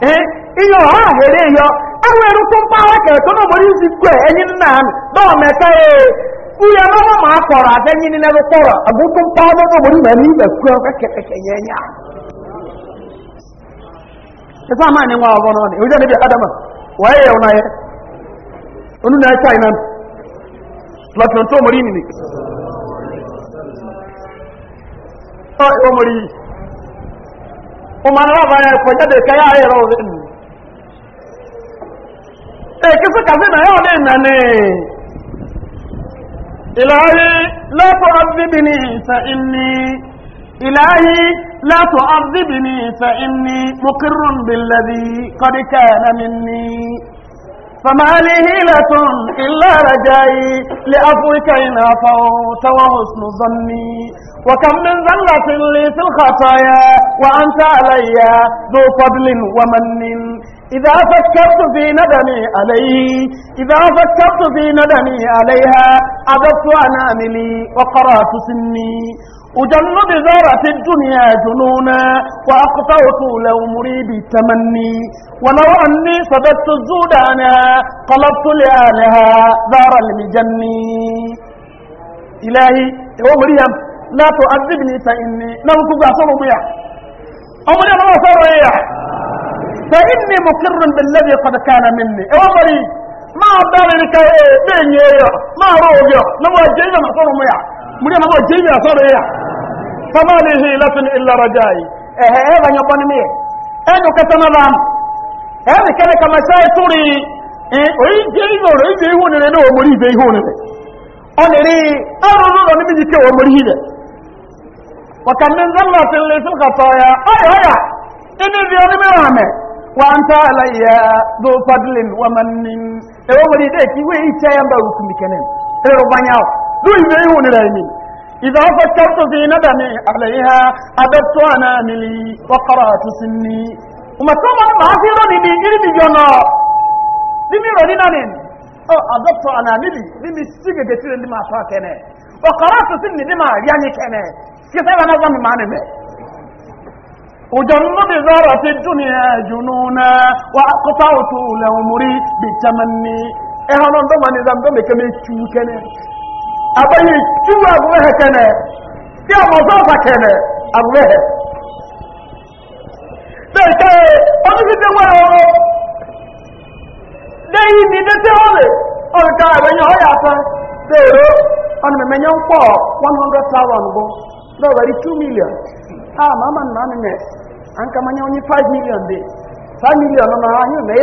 Eh? ihe ọha ahịrị yọ enwere ụkwụ mpaghara kere tó n'obodo isi kwe enyi nna m dọọ meta ya eh. uye ma akọrọ ada enyi nne kọrọ mpaghara ni ibe kwe ọka nye enyi ahụ ịfa ama anyị nwa ọgọ n'ọnụ adama wee ya na omori ọ omori umana baba yafanya deka yahera ubintu ekisa kazina yone nane ilahi la tu'adhibni fa inni ilahi la tu'adhibni fa inni muqirrun billadhi qad kana minni فما لي هيلة إلا رجائي لأفوك إن عفوت وحسن ظني وكم من ذلة لي في الخطايا وأنت علي ذو فضل ومن إذا فكرت في ندمي عليه إذا فكرت في ندمي عليها أدبت أناملي وقرأت سني أجند زارت الدنيا جنونا وأقطعت لو مريدي تمني ولو أني صددت الزود عنها قلبت لآلها دار المجني إلهي يا مريم لا تعذبني فإني لم تقصر بها أمر أنا أصر فإني مقر بالذي قد كان مني هو مريم ما أبدالي لك إيه, إيه، ما روجه نواجه إذا نصر بها muri ma ba jimi asoro ya fama li hi illa rajai eh eh ba nyo boni me e do ka tana lam e be kama sai turi e o yi jiri go ro ihe hu ne ne o muri ibe hu ne o ne ri aro bi ke o muri hide wa kan min zallatin li fil khataya ay aya ini bi oni me wa me wa anta alayya fadlin wa mannin e o duk ibe ihu ni raimi إذا فكرت في ندمي عليها أبدت أناملي وقرأت سني وما كما ما في رني دي إلي دي جونا دي مي رني نانين أو أبدت أناملي دي مي سيجي جتير دي ما شاء كنه وقرأت سني دي ما رياني كنه كيسا أنا زمي ما نمي وجنب زارة الدنيا جنونا وأقطعت لأمري بتمني إيه أنا ندمني ذنبي كمي تشوكني abayi tuwa abubehe kene si amazoza kene abubehe deke onisite nwere ọrụ deyi ni dete ole ọrịka ebenye ọya asa deero ọnụ memenye nkwọ 100 thousand bụ dọbari 2 million a ma ama nna anị me an 5 million 5 million na anyị na 1000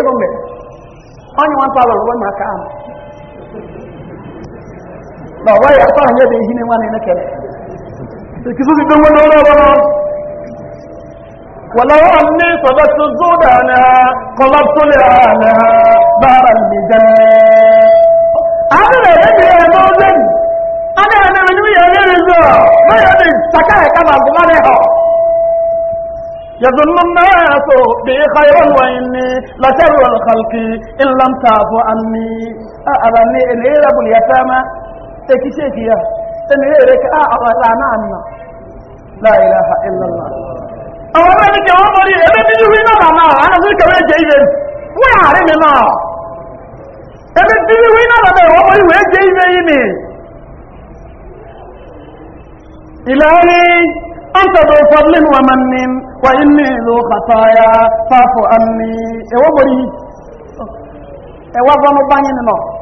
ama ba wai a ba hanyar da yi ne wani na kare da ki suke gan wani wani wani ولو أني صدقت الزود أنا قلبت لأنا بار الميزان أنا لا يدري يا مؤمن أنا أنا من يدري ما يدري سكاك كما أقبلها يظن الناس بي خيرا واني لشر الخلق ان لم تعفو عني اعلمني ان الى اليتامى teki sheki ya tani rere ka a awala na anna la ilaha illallah awon ba ni ke won mori e be biju wi na ba na ana su ka we je ibe we are mi na e be biju wi na ba be won mori we je ibe yi mi ilahi anta dhu fadlin wa mannin wa inni dhu khataya fafu anni e won mori e wa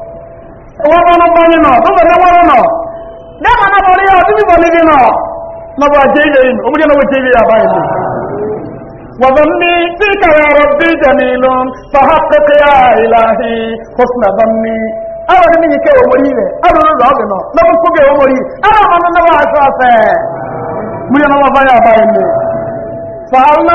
wọ́n mọ́ bọ́ni náà tó bẹ̀rẹ̀ wọ́n náà dáma náà bọ̀rí ọ̀ tíbi bọ̀ náà na bọ̀ jẹ́ ilẹ̀ inú omúdé náà jẹ́ ilẹ̀ àbáyé ní ya tí kàrà rọ̀bí jamilun fahakkakiya ilahi husna zanni awon ni yi kai omori rẹ̀ adonu da ọdị nọ na na wa asọ afẹ múlẹ̀ náà bọ̀rí àbáyé ní fa'alna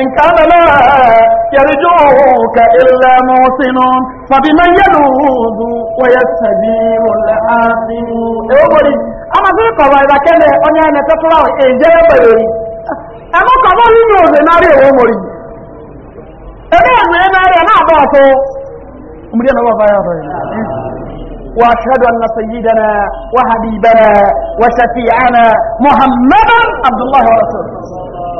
إن كان لا يرجوك إلا موسن فبمن يلوذ ويستجيب الحاسم أولي إيه أما في قضاء إذا كان أنا تطلع إجابة إيه بيري أما قضاء لنيوز ناري أولي إيه أنا أنا أنا أنا أنا أمري أنا الله يا وأشهد أن سيدنا وحبيبنا وشفيعنا محمدا عبد الله ورسوله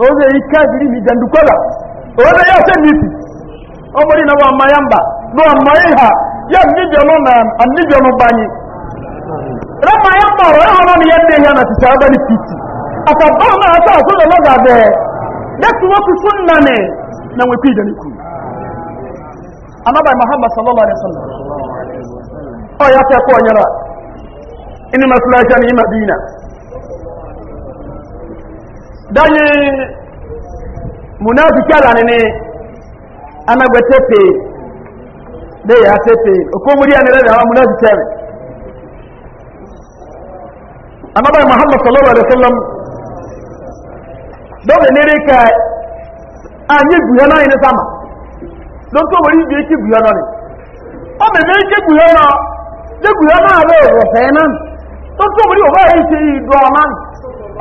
oge ikabiri ni jandukola oge ya se ọ omori na wa mayamba no ha ya nijo no na anijo no banyi ra mayamba ro ho no ye dị ya na tisaba ni piti aka ba na ata so no no gabe na tu wa kusunna ne na we pida ni ku anaba muhammad sallallahu alaihi wasallam o ya ta ko nyara inna ịma dị madina danye munafiki ala nene tepe de tepe okomuri anere da munafiki ala anaba muhammad sallallahu alaihi wasallam do nere ka anye guya na sama don to wori bi ki guya na ni o me be guya na de guya na don to ọgbọ o ba yi se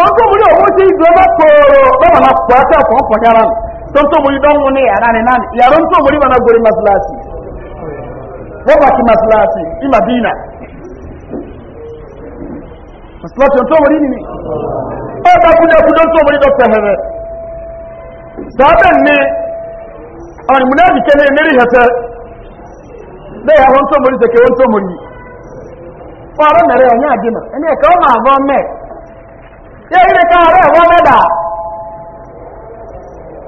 ọjọ́ orí owó tí ìgbé bá pòrò lọ́wọ́ na pọ̀ ẹ́tẹ́ ọ̀pọ̀ ọ̀pọ̀ yára tó ń tó orí dánwò ní ẹ̀rá ni náà yàrá ń tó orí wọn gorí masilasi wọ́n bá ti masilasi ní madina masilasi ń tó nìyí ó bá ń tó dọ́kítà hẹ̀rẹ̀ ní ní bẹ́ẹ̀ yà wọ́n tó wọ́n tó wọ́n yẹ́ ilé ka ẹ̀wọ́ mẹ́dà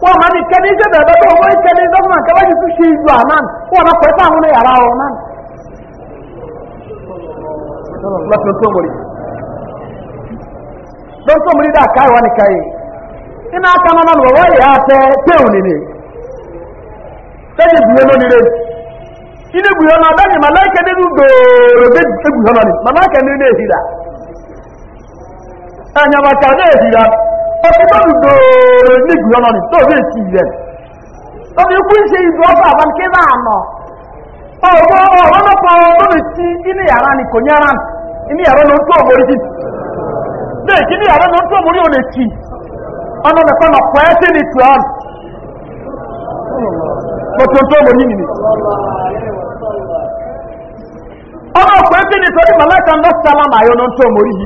wọ́n máa ní kẹ́ni ṣe bẹ̀rẹ̀ tó wọ́n kẹ́ni gọ́ọ̀mà kẹ́wàá yìí tún ṣe ìlú àná wọ́n máa pẹ̀lú àwọn yàrá ọ̀rọ̀ náà lọ́sọ̀ tó mọ̀rí lọ́sọ̀ mọ̀rí iná ẹ̀yàmàkà náà ìdìrà ọkùnrin dòòrò nígbì ọ̀nà ni tó bí èsì rẹ̀ ọmọ ikú ṣe ìlú ọ̀fà àbọ̀n kí náà nọ ọ̀gbọ́n ọ̀rọ̀lọ́pọ̀ lórí tí inú yàrá ni kò nyára inú yàrá ló ń tó mórí jì inú yàrá ló ń tó ò lè ọ̀nà nìkan ni mo tó ń tó nìyí ọ̀nà ẹ́ sí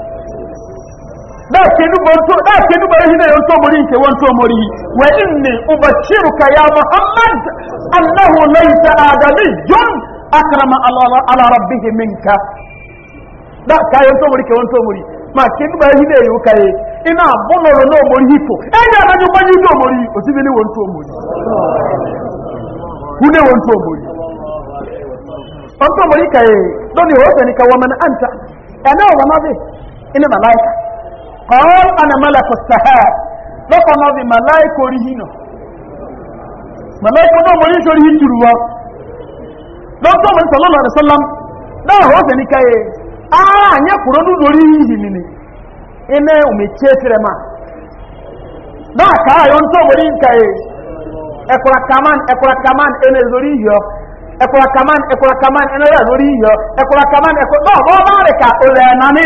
da ke duba shi ne yan tomori ke wan tomori wa inni ubashiruka ya muhammad annahu laysa adamiyun akrama ala rabbih minka da ka yan tomori ke wan tomori ma ke duba shi ne kai ina bonoro no mori to na ju banyu tomori osibili won tomori hune won tomori on kai doni anta ana قال أنا ملك السحاب لقد نظم ملائك رهينه ملائك نوم وليس رهين جروا لقد من صلى الله عليه وسلم لا هو سنكاي آه نيكورو نو رهينه إنه أمتشتر ما لا كاي أنتو ولين كاي ẹkura kaman ẹkura kaman ẹna lórí yọ ẹkura kaman ẹkura kaman ẹna lórí yọ ẹkura kaman ẹkura bọ́ọ̀ bọ́ọ̀ bá rẹ̀ ká ọ̀rẹ́ ẹ̀ nani.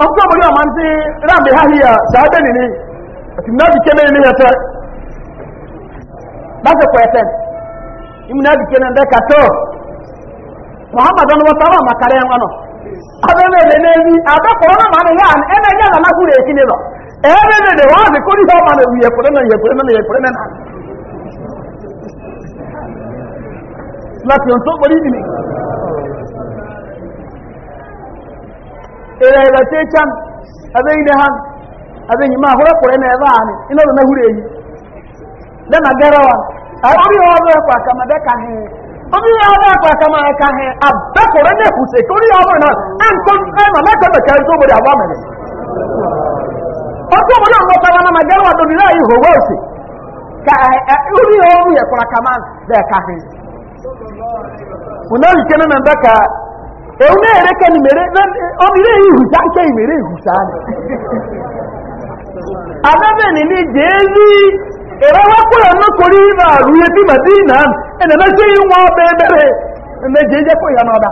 ọ̀pọ̀ ọmọdé ọmọ tí ráàmì háhíyà sàádẹ́ nìní àti mìíràn jìkẹ́ mẹ́rin nínú ẹ̀fẹ́ lásìkò ẹ̀fẹ́ ìmìíràn jìkẹ́ náà dẹ́ka tó muhammad ọ̀nàwọ́ sáwà màkàrẹ́ ẹ̀wọ̀n nọ abẹ́mẹ́lẹ̀ n'ezi abẹ́kọ̀ọ́ náà máa na ẹ̀mẹ́ na Ee ba te chan abe ma hore kore na eba ani ino lo na yi na garawa ari ho ba kwa kama da ka he obi ho ba kwa kama ka he abba kore na kori ya na an kon ai ma na ka ba ka zo na mo na ka kama ka ewu e na-ere e, e ka mere ọmịrị ihusa nke imere ihusa anyị abẹ́bẹ̀ na ní jẹ́ẹ́lì ìrọwọ́pọ̀ ọ̀nàkọrí ìrọ̀ àrùyẹ tí màdínà ẹ̀nẹ̀mẹ́ sí na. bẹ̀rẹ̀ méje jẹ́ kó ìyànà ọ̀dá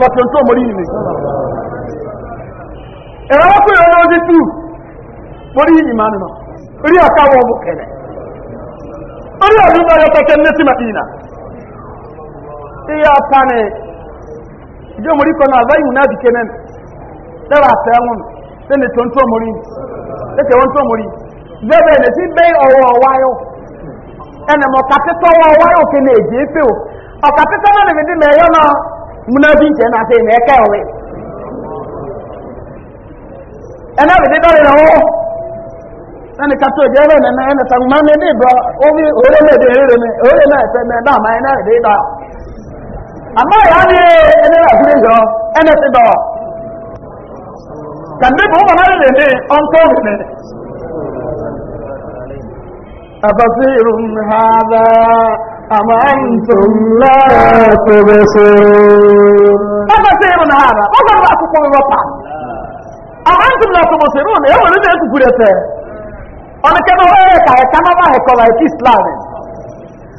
lọ́tún tó mọ́rí ìlú ìrọwọ́pọ̀ ìrọ̀ ọdí tù mọ́rí ìlú mánà orí iya pane ijo mori ko na bayu na dikenen dara tawon tene tonto mori tete won to mori bebe ne ti be owo wayo ene mo kapito wo wayo ke na eje pe o o kapito na me di me yo no munabi na se me ka owe ene be de dole no ẹni kàtó ìjẹ́ ẹ̀rọ ẹ̀nà ẹ̀nà sàgbọ́n mi ní ìbọ̀ orí orílẹ̀-èdè eré mi orílẹ̀-èdè ẹ̀fẹ́ mi ẹ̀dá àmà ẹ̀nà ìdídà amma ya ne ene na gure zo ene ti do kan de bo mana le ne on to ne abasirun hada am antum la tubsirun abasirun hada o ko ba ku ko ba pa am antum la tubsirun e wona ku gure on ke no ka e ka ma ba e ko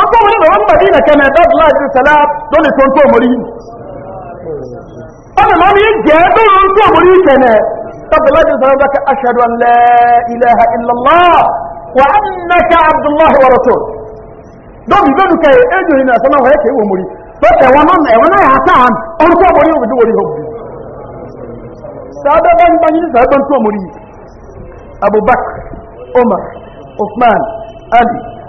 ọkọ wọn ìwọ̀n wọn ìnàkẹ́ na ẹ̀dọ́ bláà sẹ́lá lónìí tó ń tó òmòrí yìí ọ̀nà máa ní jẹ́ tó ń tó òmòrí yìí kẹ̀nẹ̀ tọ́bùlá ti sẹ́lá bákẹ́ ilẹ̀ ha illallah wa á abdullahi wa rasul lóbi bẹ́ẹ̀ nìkẹ́ ẹjọ́ yìí nàṣẹ́ náà wọ́n yẹ kẹ́ ìwọ̀n mórí tó ẹ̀wọ̀n náà ẹ̀wọ̀n náà yà sáà ọ̀n tó òmòrí òbí hó bá ń bá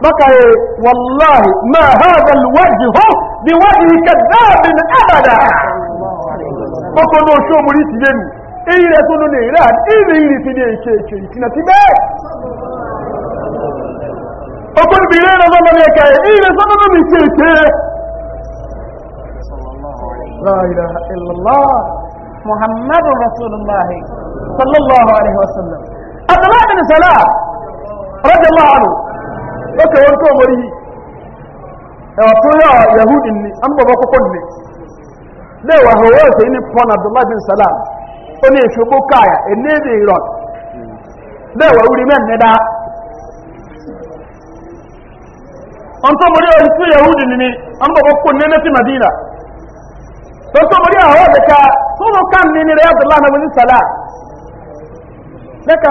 maka e wallahi ma hadha alwajhu biwajhi kadhabin abada maka no sho muri tijeni eyi re tunu ne ra ire ire ti de che che kina ti be okun bi re ro mo ne ka e ire so no mi che che la ilaha illa allah muhammadur rasulullah sallallahu alaihi wasallam abdullah bin salam رضي الله عنه lókè wọn tó mọ̀ yìí ẹ̀wà tó yà yahudi ni an bọ̀ kọ́kọ́ ni léwà họwọ́ ẹ̀sẹ̀ ní pọ́n abdullahi bin salam ó ní ìṣògbó káyà ẹ̀nẹ́dẹ̀ ìrọ̀t léwà wúri mẹ́ nẹ́dá an tó mọ̀ yà wọ́n tó yahudi ni an bọ̀ kọ́kọ́ ní ẹ̀nẹ́tì madina tó tó mọ̀ yà họwọ́ ẹ̀sẹ̀ ká tó mọ̀ ká ní ní rẹ̀ abdullahi bin salam lẹ́kàá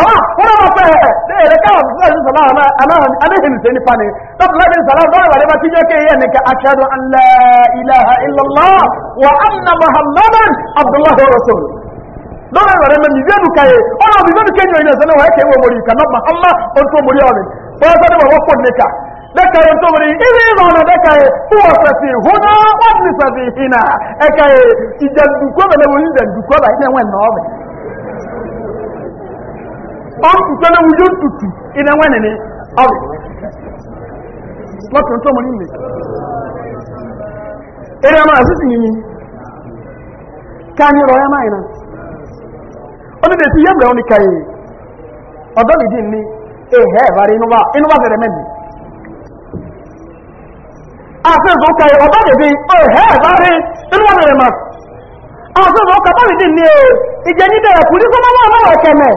ọ̀rọ̀ wọ́n wọ́n fẹ́ ẹ̀ ẹ̀rẹ́ káwọn fúnfẹ́ sọ̀rọ̀ aláhìn ṣe nípa ni tọ́pùlẹ́bí sọ̀rọ̀ lọ́rọ̀ wà nípa tí jẹ́ kí yẹ ní ká aṣẹ́dùn alẹ́ ìlàhà ìlọ́lá wà ánà muhammadan abdullahi rasul lọ́rọ̀ wà nípa mìzẹ́nu káyé ọ̀rọ̀ mìzẹ́nu kéjọ ilẹ̀ sọ́nà wà ẹ̀kẹ́ wọ̀mọ̀rì kaná muhammad ó tó mọ̀rí ọ̀rìn wọ́n sọ́nà wà wọ́pọ̀ nìka dẹ́kẹ̀rẹ̀ tó mọ̀rí ilé ìrọ̀nà dẹ́kẹ̀rẹ̀ fúwọ̀ sẹ̀fì húná wọ́n ní sẹ̀fì hìnà ẹ̀kẹ̀rẹ̀ ìjẹ̀dùkọ́ bẹ̀lẹ̀ wọ́n ní ìjẹ̀dùkọ́ bẹ̀lẹ̀ wọ́n ní ọ̀rìn ọ̀tùtù ẹni wùjọ ntùtù iná wẹ́n nìní ọ̀rọ̀ lọ́tùn tó mọ̀ nílé eré ọmọ àṣìṣì yìí káyé rọ̀yá máa ọ ó ní bèsí yẹ́ mẹ́rin káyé ya ọ dín ní ehẹ́ ìbára inú wa inú wa bẹ̀rẹ̀ mẹ́rin àti ìzọ́ káyé ọ̀dọ́ mi dín ehẹ́ ìbára inú wa bẹ̀rẹ̀ mẹ́rin zere ìzọ́ káyé ọ̀dọ́ mi dín ịdị nne ní bẹ̀rẹ̀ kù ní sọ́mọ́ náà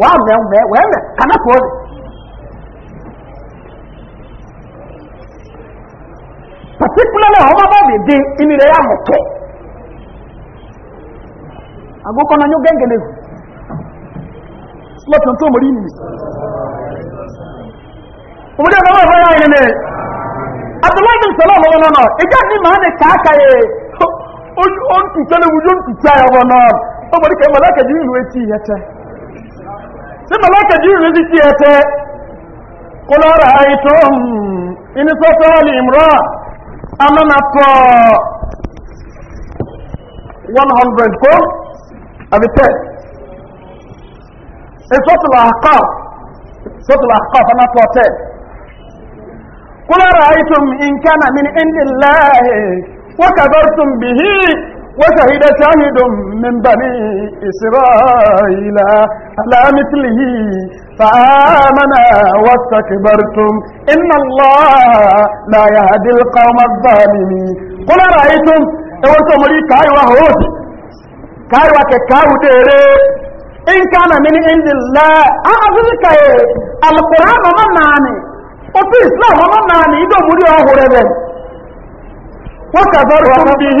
wa mɛw mɛ wɛmɛ kana pɔɔri particularly ɔmɔ bɛ bi di inire ya mɔtɔ ago kɔnɔ nyo gɛngɛnɛ hu lɔtɔn tó mori nimi òmùdé ọmọ ìfọ yà ẹni nẹ abdullahi bin salam náà ìjà ní màá ní kàákà yẹ ó ń tùtẹ́ ní ó ń tùtẹ́ náà ó mọ̀ kẹ́ mọ̀lá kẹ́jú ìlú etí sai malaka jibril zai ce ta qul ra'aytum in fatali imran amana to one hundred ko abi te e sotul ahqaf sotul ahqaf ana to te qul ra'aytum in kana min indillahi wa kadartum bihi وشهد شاهد من بني إسرائيل على مثله فآمن واستكبرتم إن الله لا يهدي القوم الظالمين قل رأيتم أولتم لي كاي وهود كاي وكاو ديري إن كان من عند الله أعظم كاي القرآن ومن معني وفي إسلام ومن معني إذا مريد أهو وكفرتم به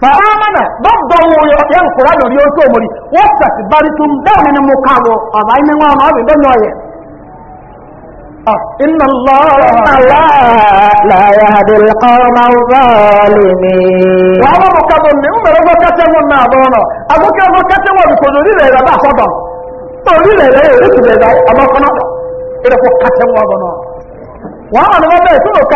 fàámánà bọ́bọ̀ wo yẹ nkùrá lórí oṣù òmòrì wọ́n tẹ̀sí bari tún bẹ́ẹ̀ ni mo kàwọ̀ ọ̀bá inú wọn ọmọ ọ̀bí bẹ́ẹ̀ lọ́yẹ̀. Inna Allah la yahdi al-qawma adh-dhalimin. Wa ma mukabun ni umma na abono. Abuka ma katabu bi ko lori re ba ko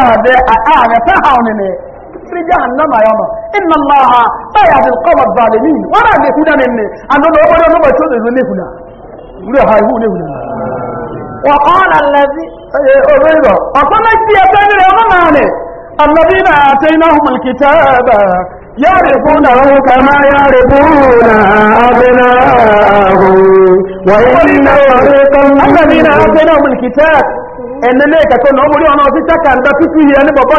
a a في جهنم يوما إن الله لا يهدي القوم الظالمين ولا يكون مني أن نقول أنه بشوز ذنبنا يقول هاي هو نبنا وقال الذي أريده إيه، إيه، إيه. أقول لك يا بني رمضان الذين آتيناهم الكتاب يعرفونه كما يعرفون أبناءهم وإن فريقا الذين آتيناهم الكتاب إن ليك كن عمري أنا في تكن بتكيه يعني بابا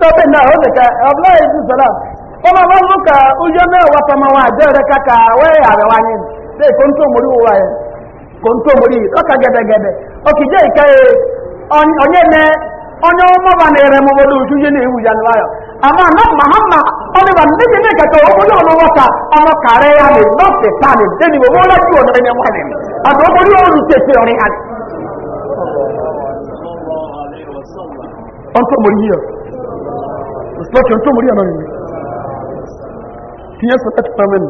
sọ́bẹ̀ náà ó lè ka ọ̀bùnà ètò sọ́lá ka ojú ọmọ ẹ̀wọ́ tọmọ wọn àjẹ́ rẹ̀ kàkà wẹ́ẹ̀ àrẹwà yẹn dé kóńtó mórí wọ́wọ́ yẹn kóńtó mórí ọkà gẹ́dẹ́gẹ́dẹ́ ọkìjẹ́ ìka na ọ̀nyẹ́ nẹ ọ̀nyẹ́ ọmọ wa ní ẹrẹ mọ́wọ́lú ojú yẹn ní ewu yanu ayọ̀ àmọ́ àná mahama níbi ní wọ́ta ọmọ kàrẹ́ yà lọ́ọ̀tì ọ̀nà ẹni àti ìsìlọ́tì tó múrí na rẹ̀ sọ láti pẹ̀lú ẹni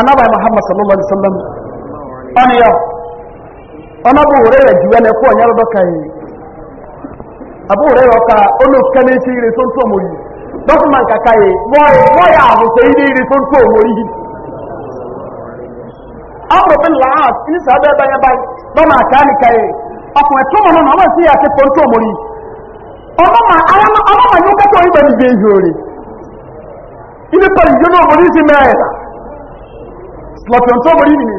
anábàá muhammad sallallahu alaihi wasallam ọ̀nìyà ọ̀nàbù rẹ̀ yẹ jù ẹni kú ọ̀nyá lọ́dọ́ka yìí àbú rẹ̀ olóòkè ní ṣe tó ń tó kàkà yìí wọ́n yà tó ń tó yìí bí làá ní sàbẹ̀ ọmọọmọ ọmọọmọ ní kẹtọ ìgbà ní bẹẹ yòrè ndị ọ ìjọ náà mọdé sí mẹẹdà slọtọ tó mọdé nìyí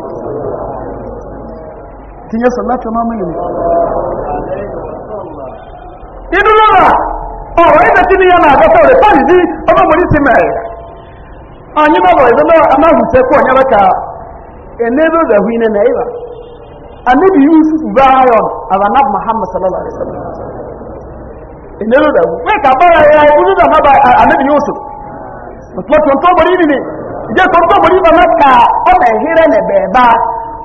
tí yẹ sọ láti ọmọ ọ inú lọ́la ọ̀rọ̀ ilẹ̀ na níyàn náà dọ́tọ̀ rẹ̀ pẹlú sí ọmọ mọdé sí mẹẹdà anyị na amaghị sekwa nyere ka enebe ine na ịba anabi ala sallallahu alaihi ìnẹ́rù rẹ̀ wọ́n kà bára ẹ̀yà ìbúrú náà bá àmẹ́bí yóò sọ ọ̀tọ́tọ̀ tó mọ̀rí nìyí ìjẹ́ tó tó mọ̀rí bàmá ka ọmọ ẹ̀hírẹ́ nẹ̀ bẹ̀ẹ̀bá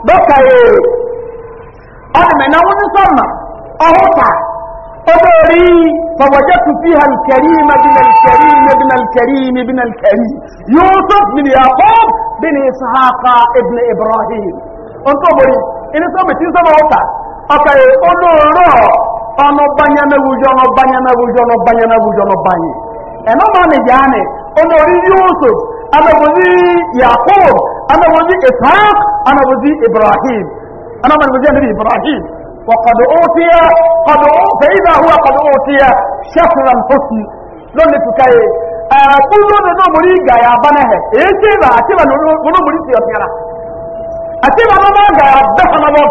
dọ́kà ẹ̀ ọdìmẹ̀ náà wọ́n ti sọ̀nà ọ̀húta ọdọ orí fọwọ́jẹ́ kù sí alkẹ̀rí mẹ́bìnàlkẹ̀rí mẹ́bìnàlkẹ̀rí mẹ́bìnàlkẹ̀rí yusuf bin yakob bin ishaqa ibn ibrahim ọ̀tọ̀ mọ̀rí ẹni sọ́mọ̀ tí sọ́mọ̀ ọ̀ta ọ̀kà ẹ̀ ọdọ ọ̀rọ̀ ọnụ banye na wujo ọnụ banye na wujo ọnụ banye na wujo ọnụ banye ẹnọ ma ni yaa ni ọnụ oriri oso anabozi yakub anabozi ishaq anabozi ibrahim anabozi anabi ibrahim وقد أوتي قد فإذا هو قد أوتي شكرا حسن لن تكاي أقولون أنه مريقا يا بنه إيه سيبا أتبا نقولون مريقا يا بنه أتبا نقولون مريقا يا بنه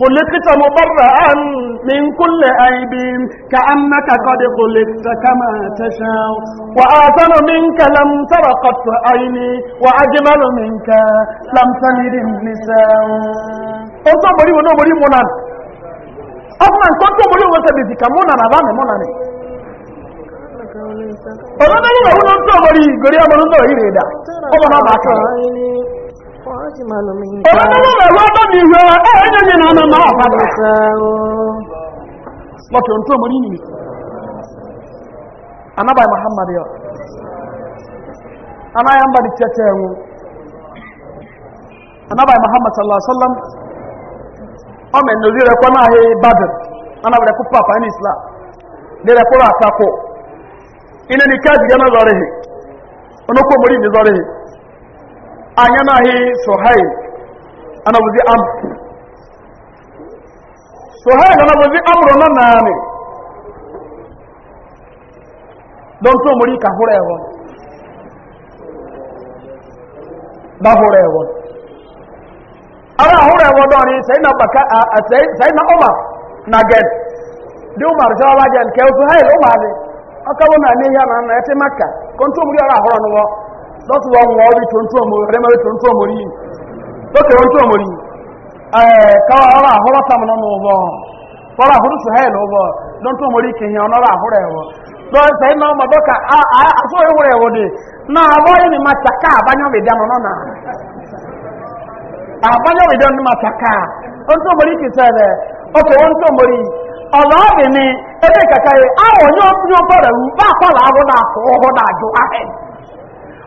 خلقت مبرأ من كل عيب كأنك قد خلقت كما تشاء وآثر منك لم تر قط عيني وأجمل منك لم تلد النساء ọ̀tọ́ mọ̀rí wọn náà mọ̀rí mọ́nà ọkùnrin nǹkan tó mọ̀rí wọn tẹ̀lé ìdìkà mọ́nà àbá mi mọ́nà ni ọ̀rọ̀ náà yíò wọ́n tó mọ̀rí gòrí ọmọ náà ìrèdà ọmọ náà bàtà ọ̀rọ̀ náà yíò wọ́n tó ní ìwé ọ̀nà máa padà lọ́tí ohun tó mọ̀ ní nìyí anábàá muhammadu yọ anáyàmbá di tẹ́tẹ́ ẹ̀wọ̀n anábàá muhammadu sallallahu ọmọ ẹ̀nà orí rẹ̀kọ́ náà hẹ́ badr anábàá rẹ̀kọ́ pàpà ní islam rẹ̀kọ́ rà àtakò ilé ní na sohaya na bozi amuro na naani don to muri ka ara don ni sai na baka uh, uh, sai na umar na ged di umar jawa ba jan ke umar na ya na na makka kon to muri ara hure no don to won wo bi to to mo to to muri to ke Eh, kawa ọrụ ahụrụ sam nọ n'ụgbọ ọrụ ahụrụ suhail ụgbọ dọntu omori ike ihe ọnọrọ ahụrụ ewo dọntu ịnọ ma dọka asọ ịhụrụ ewo dị na abọ ya ni machaka abanyọ mi dịanụ nọ na abanyọ mi dịanụ machaka dọntu omori ike sere oke dọntu omori ọzọ ọ dị ni ebe kaka ya e, ahụ onye onye ọbọrọ ewu ba akwara ahụ na akwụ ụhụ na-ajụ ahịa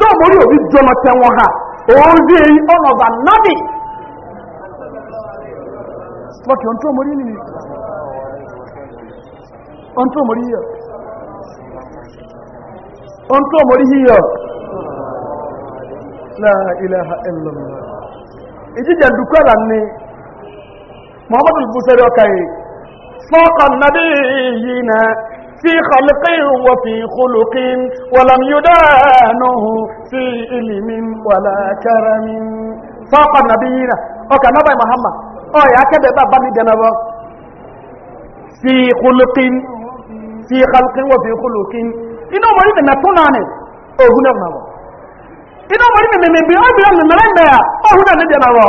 náà mo rí òbí jọmọ tẹ wọn ha òun dé ọ̀nà ọ̀bà nábì lọ́kì ohun tó mo rí nìyí ohun tó mo rí yíyọ ohun tó mo rí muhammadu في خلق وفي خلق ولم يدانه في علم ولا كرم فوق النبيين اوكي نبي محمد او يا كده بابا ني في خلق في خلق وفي خلق ino mori من natuna ne ohuna nawo ino mori من me bi obi on na nda ohuna ne janawo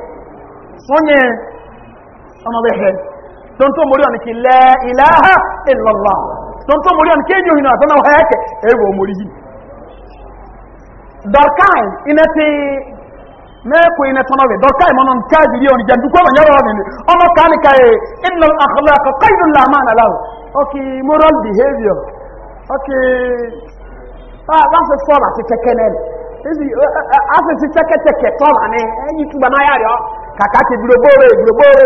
sọ́nyẹ ọmọ bẹ̀rẹ̀ tóntó mori ọ̀nà kí lẹ́ ìlàáhà ìlọ́lá tóntó mori ọ̀nà kí èyí òhìnà àtọ́nà ọ̀hẹ́ẹ̀kẹ́ ẹ̀wọ̀ mori yìí dọ̀káì iná ti mẹ́kù iná tọ́nà rẹ̀ dọ̀káì mọ́nà káàdì rí orí jẹ́ndùkú ọmọ yọrọ ọmọ mi ọmọ kánìkà ẹ̀ ìlọ àkọlọ àkọkọ ìlú làmà nàláwò ok moral behavior ok láti fọ́ọ̀lù àti kẹ́kẹ́ náà ẹ̀sì àti kẹ́kẹ́ tẹ̀kẹ́ tọ́ọ̀lù àní ẹ̀yìn túbọ̀ náà yà rẹ̀ ọ́ kàkà ti gbogbooro gbogbooro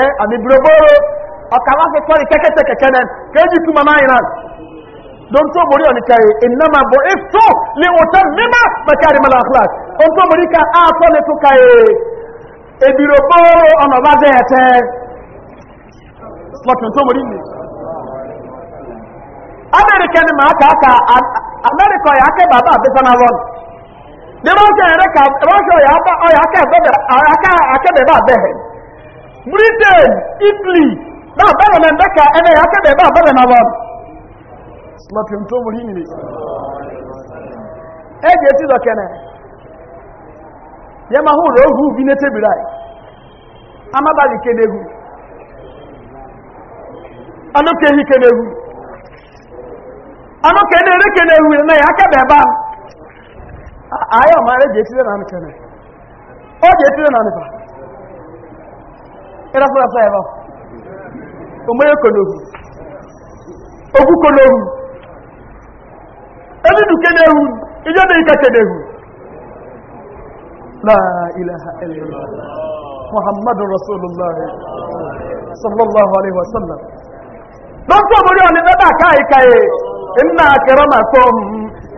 ẹ àmì gbogbooro ọ̀kà wá fi tọ́lì kẹ́kẹ́tẹ̀kẹ́kẹ́ nẹ kéjì tún mama yìí náà don tó borí ọ̀nìkà yìí iná máa bọ̀ ètò lè wòtẹ́ mímọ́ pẹ̀kẹ́rì mọ́lá class on tó borí ká àtọ́ lè tó ka yìí ègbìrògbòrò ọ̀nà bá bẹ́ẹ̀ tẹ́ lọ́tún tó borí nìyí amẹ́ríkà ni màá kàákà amẹ́ríkà yà á kẹ́ bàbá àbẹ́sánà dịbọsịa ere ka dịbọsịa ọ ya aka ọ ya aka ebebe aka akebebe abeghị britain italy na abere na mbe ka ebe eh, ya akebebe abere na ntu slọtị ntụ ogburu E ji eti dọkene ya ma hụ ụlọ oge ubi na-etebiri anyị amabalị kenegwu anụ kehi kenegwu anụ kenere kenegwu na ya akebebe ahụ aya ma eji je tire na mi kene o je tire na mi fa era fura sai ba o mo ko no o bu ko no ebi du kene hu ijo de ka kene hu la ilaha illallah muhammadur rasulullah sallallahu alaihi wasallam don so mo ri oni na da kai kai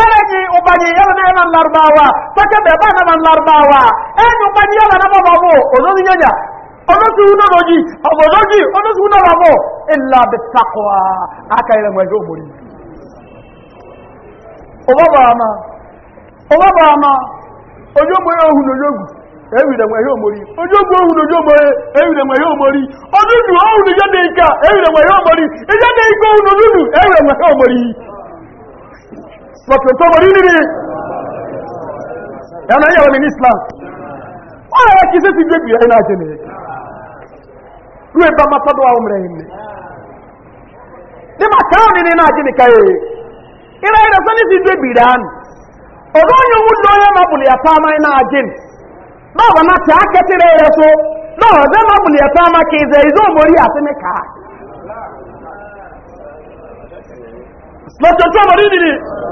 Ere gị ụbanye ya na yana nlarubawa pakebe ebe ana na nlarubawa enyi ụgbanye ya na mọbọbọ ozozi nyanya onosi una roji obodoji onosi una rabo illa bitakwa aka ile omori ama ama ohun omori ohun omori ohun ika omori ika ohun omori bàtòtòmọ̀rí nínú ẹ̀nà yẹ̀wò ní islam wọ́n rẹ̀ kí sí ti gbé bìí ẹ̀nà àjẹ́ nìyẹn rú ẹ̀bá ma fọ́dọ̀ àwọn mìíràn yìí ní ma kẹ́rọ̀ ní nínú àjẹ́ nìkan yìí ìrẹ́ ìrẹ́ sọ ní ti gbé bìí dánù ọ̀dọ́ yẹn wú lọ yẹn ma bùlì so ma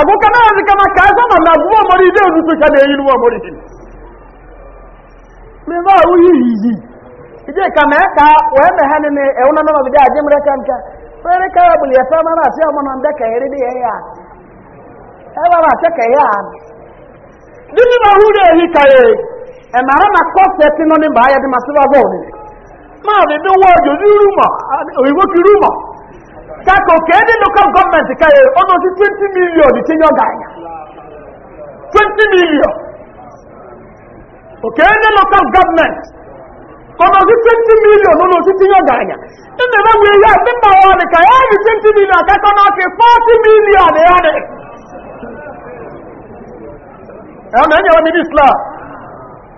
agoka náà ní kama kàásá mà làbúwọ̀ mọ́rí ilé òní tó ṣàlẹ̀ èyí lúwọ̀ mọ́rí ìdí mi ahụ wú yìí yìí ka na mẹ́ẹ̀ka wẹ́ẹ́ mẹ́ha ni ẹ̀wọ́n náà náà bìdí àjẹ́ mìíràn kankan fẹ́rẹ́ kára bùlì ẹ̀fẹ́ máa náà sí ọmọ náà dẹ́ ma na kọ́ọ̀sì ẹ̀tí náà ní bàáyà dì máa sí wá bọ́ọ̀ ni ti kako ka ndị local government ka ya 20 tinye anya 20 million okede local lokal ka twenty 20 milion ọ e tinye anya ndị na-enwe ihe a ndị mma ọ ka ya yi 20 million ka ka n'ọkụ 40 million ya dị ya na-enyere ndị islam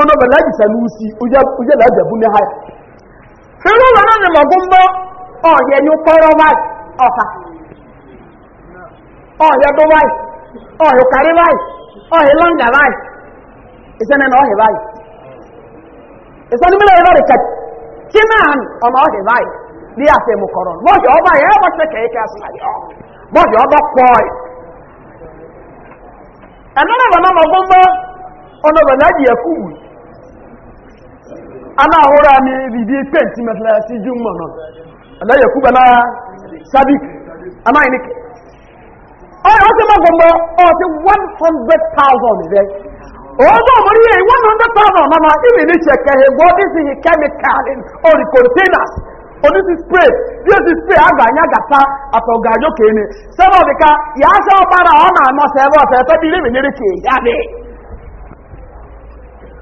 ọ̀nà bẹ̀rẹ̀ láti sẹ̀lú sí ojẹ́ lájẹ̀bú ní hàì irú wọn náà ni mọ̀gún bọ́ ọ̀yẹ̀ yóò kọ́rọ̀ báyìí ọ̀fà ọ̀yẹ̀ tó báyìí ọ̀yẹ̀ kárí báyìí ọ̀yẹ̀ lọ́ngà báyìí ìsẹ́ni náà ọ̀hẹ̀ báyìí ìsẹ́ni mílẹ̀ ìbára kẹ̀ kí náà ọ̀nà ọ̀hẹ̀ báyìí bí àti ẹ̀mú kọ̀rọ̀ bọ́ọ̀dì ọba yẹn ẹ̀ bọ́ọ̀dì kẹ̀kẹ́ bọ́ọ̀dì ọba pọ̀ ẹ̀nà náà bọ̀ náà mọ̀gún bọ́ ọ̀nà bẹ̀rẹ̀ láti ẹ̀kú wù aláhóró ni ìdí pẹ́ntì mẹ́tìlẹ́sí júmọ̀ náà aláyẹ̀ kú na sadik aláìníkẹ́ ọ̀rọ̀ tí mọ́ gbọmọ ọ̀tí 100,000 rẹ̀ ọ̀dọ́ mọ̀rí ọtụ 100,000 mama ibi ní ṣẹ̀kẹ́ ẹgbọ́ dísì hì kẹ́míkàlì orí containers onísì spray bí ó ti spray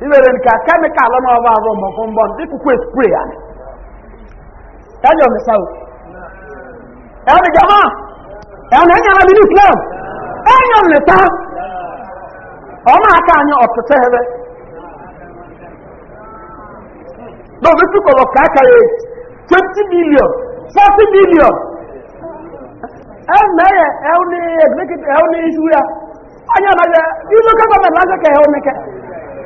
iwere nke a kemịkal na ọba arụ mọkụ mbọ ya kajọ mesau ẹni jama ẹni ẹni ara bíi islam na aka anyị ọtụtụ ebe n'obi tukọrọ ka aka twenty million forty million ẹnna yẹ ẹni executive ẹni isu ya onye ọ̀nà yẹ ilu kẹfà mẹ́ta lásìkò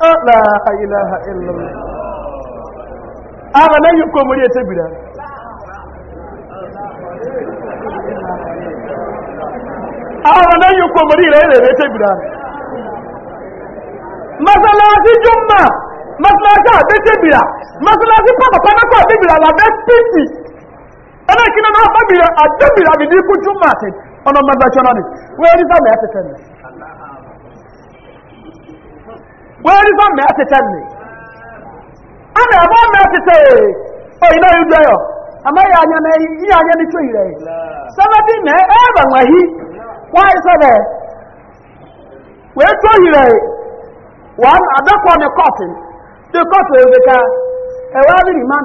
la ilaha illallah aba na yi ko muri ta bira aba na yi ko muri rai rai ta bira masalasi jumma masalasi abe ta bira masalasi papa pana ko abe bira la be Pisi. ana kina na abe bira abe bira bi di ku jumma te ono masalasi ona ni we ni sa me atete ni wẹ́ẹ́rí sọ mẹ́ẹ́ tẹ́tẹ́ mi a mẹ́ẹ́ bọ́ mẹ́ẹ́ tẹ́tẹ́ òyìnbó yìí dẹ́yọ̀ àmọ́ yìí àyàn ní yìí àyàn ní tó ìrẹ̀ sẹ́fẹ́tì mẹ́ẹ́ ẹ́ bà wọ̀n yìí wọ́n yìí sẹ́fẹ́ wẹ́ẹ́ tó ìrẹ̀ wọ́n àdọ́kọ̀ ní kọ́ọ̀tù ní kọ́ọ̀tù èdè ká ẹ̀wọ́ ní rìmán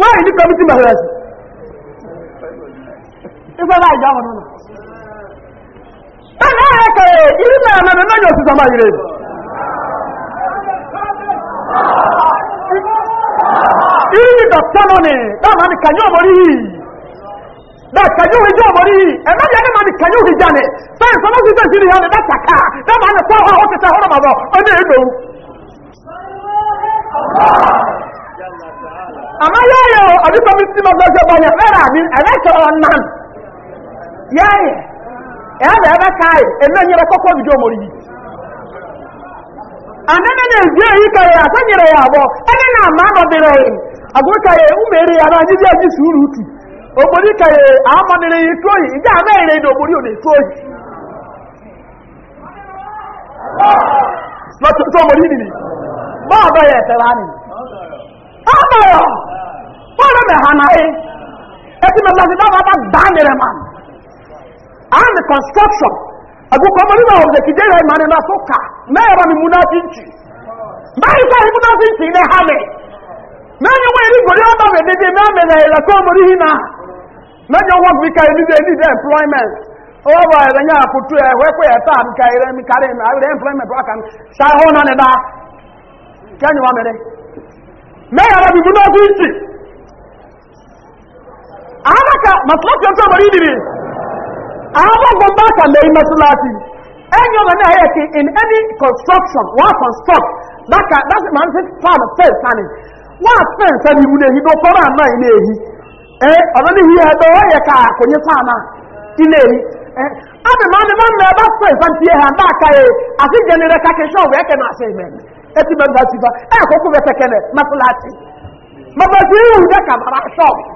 wọ́n yìí ní kọ́mítì mẹ́rẹ́sì ìfẹ́ láì jáwọ̀ náà ẹ̀nà ẹ̀kẹ̀rẹ̀ ìlú náà mẹ́rin náà yóò sísọ máa yìí ìrìn ní dọ̀tọ́ náà ni dáàmà ní kàyọ́ ọmọrí yìí dáà kàyọ́ orí jẹ́ ọmọrí yìí ẹ̀mẹ́ yẹn ní ma ní kàyọ́ orí jáde sáyẹn sọmọ́ sí sẹ́ǹtì ní yẹn dáàkà dáàmà ní pọ́ ọ̀họ́ ọ̀tẹ̀tẹ̀ ọ̀rọ̀ màbọ̀ ọdún èdò amma yayo abin kwamitin mazaje bane mera abin ẹ̀rẹ́kẹ̀ ọ̀nàm yayi ẹ̀rẹ́ ẹ̀rẹ́ káyì ẹ̀mẹ́ nyere kọ́kọ́ bìjọ mọ̀rí yìí anene ne ezi eyi ka ya ya abọ ẹni na ama ya agụrụ ka ya obodo na obodo wọ́n rẹ̀ hàn náà yìí ẹtí mi lọ́sí náà bàbá dán ní rẹ̀ mà and construction àgùkọ ọmọ nínú àwọn òṣèkìdé rẹ̀ mà nínú àfọ́kà mẹ́rin wọn ni múná ti ń tì mẹ́rin sọ̀rọ̀ múná ti employment ka employment ahaka maslaki ọjọ́ ọmọ rí nìrí ahọ́gbọ́n bá kà lẹ́yìn maslaki ẹni ọmọ in any construction wọ́n construct báka that's my first part of first sani wọ́n fẹ́ẹ̀ sani ihu n'ehi ní ehi yẹ ehi e, ka yẹ àti jẹnirẹ kakẹ́sọ̀ ọ̀bẹ ẹ̀kẹ́ na ṣe ìmẹ̀ ẹtì bẹ́ẹ̀ ní ti fa nẹ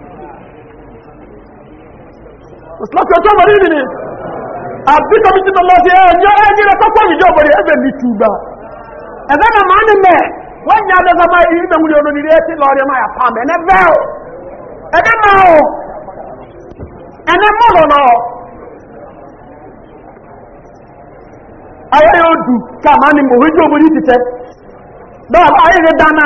ìsìláṣẹ́ ọjọ́ mọ̀rí nìní àbí kọmítì tó lọ sí ẹ̀yọ́ ẹ̀yẹ́ kọ́kọ́ ìjọ mọ̀rí ẹ̀fẹ̀ ní túbà ẹ̀fẹ́ na máa ní mẹ́ wọ́n nyà lọ́sọ máa yìí nà wúlò ní ilé ẹ̀sìn lọ́ọ̀rẹ́ máa yàpá mẹ́ ẹ̀nẹ́ bẹ́ẹ̀ o yóò dù ká máa ní mòwé títẹ́ ayé dáná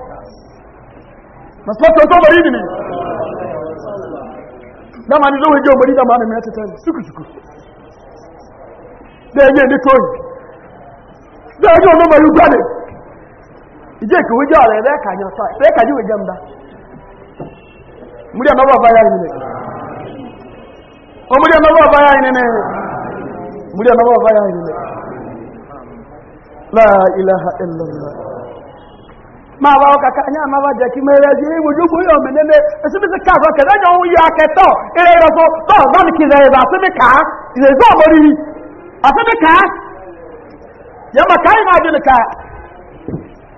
maslahatan to bari ne dama ni zuwa jiwa bari dama ne mai ta tare suku suku da yake ni koyi da yake wani mai yuka ne ije ki wuce ala ya ka yi sa sai ka ji wajen da murya mabawa ya yi ne o murya mabawa ya yi ne murya mabawa ya yi ne la ilaha illallah máa wá ọkà ká ní àmà wá jẹ́ kí mẹ́rẹ́ sí ìwò ojú bóyá òmìnirẹ́ ẹ̀sìnbísí káàkọ́ kẹ̀lẹ́ yọ ohun yà kẹtọ́ eré ìrọ̀fọ́ tó ọ̀gá mi kìlẹ̀ ìrọ̀ ya ìrẹ̀sọ́ ọ̀mọ́rí dị yẹmọ káyìn máa dùn ká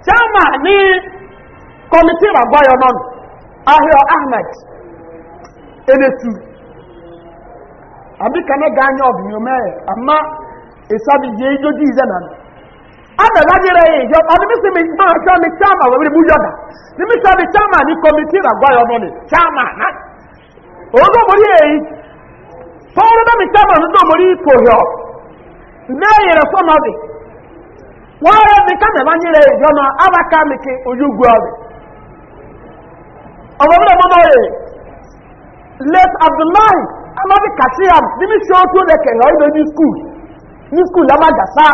sáàmà ní kọ́mítì àgbáyọ náà ahìọ ahmed enetu àbíkanága ada lajere yi yọ ọdún mi sì mi máa sọ mi chairman wẹ̀mí mú yọ̀dà ní mi sọ mi chairman ní committee ràgbáyọ̀ ọmọ ni chairman náà òun ló mọ̀ rí èyí tọ́wọ́rọ́ bẹ́ẹ̀ mi chairman ló mọ̀ rí kò yọ náà yẹrẹ fún ọmọdé wọ́n rẹ̀ mi ká mẹ́fà nyere yi yọ mi mi late abdullahi amadi mi tó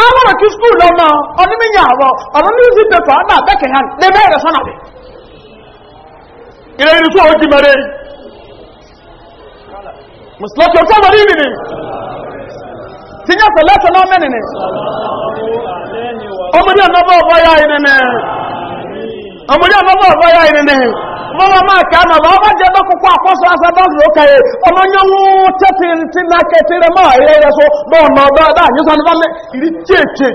àwọn ọ̀rọ̀ tí skúl lọ́mọ ọdúnmíyàn àwọ̀ ọ̀rọ̀ ní ìsìn pẹ̀fà ọ̀nà àbẹ́kẹ̀ hàn lè mẹ́rẹ̀ sọ́nà rẹ̀ ilẹ̀ ìrìsú ó jí mẹ́rẹ̀ mùsùlùmí ọ̀sán wọlé ìrìnì tí yẹ́ pẹ̀lẹ́sẹ̀ náà mẹ́rin ni ọmọdé ọ̀nà bọ́ ọ̀bọ̀ yá ìrìnì ọmọdé ọmọbọ ọ̀fọ́yá ìrìnlẹ̀ mọ́wọ́ máa kà náà bọ́ jẹ́ lọ́kùnkú àkọ́sọ́ asẹ́bọ́sì lókàyè ọmọnyánwó tẹ́tì tí na kẹtì rẹ máa ilẹ̀ rẹ so bọ́ọ̀nà ọ̀dọ́dá àyíṣàlúfàmẹ́ ìrí tẹ́ẹ̀tẹ́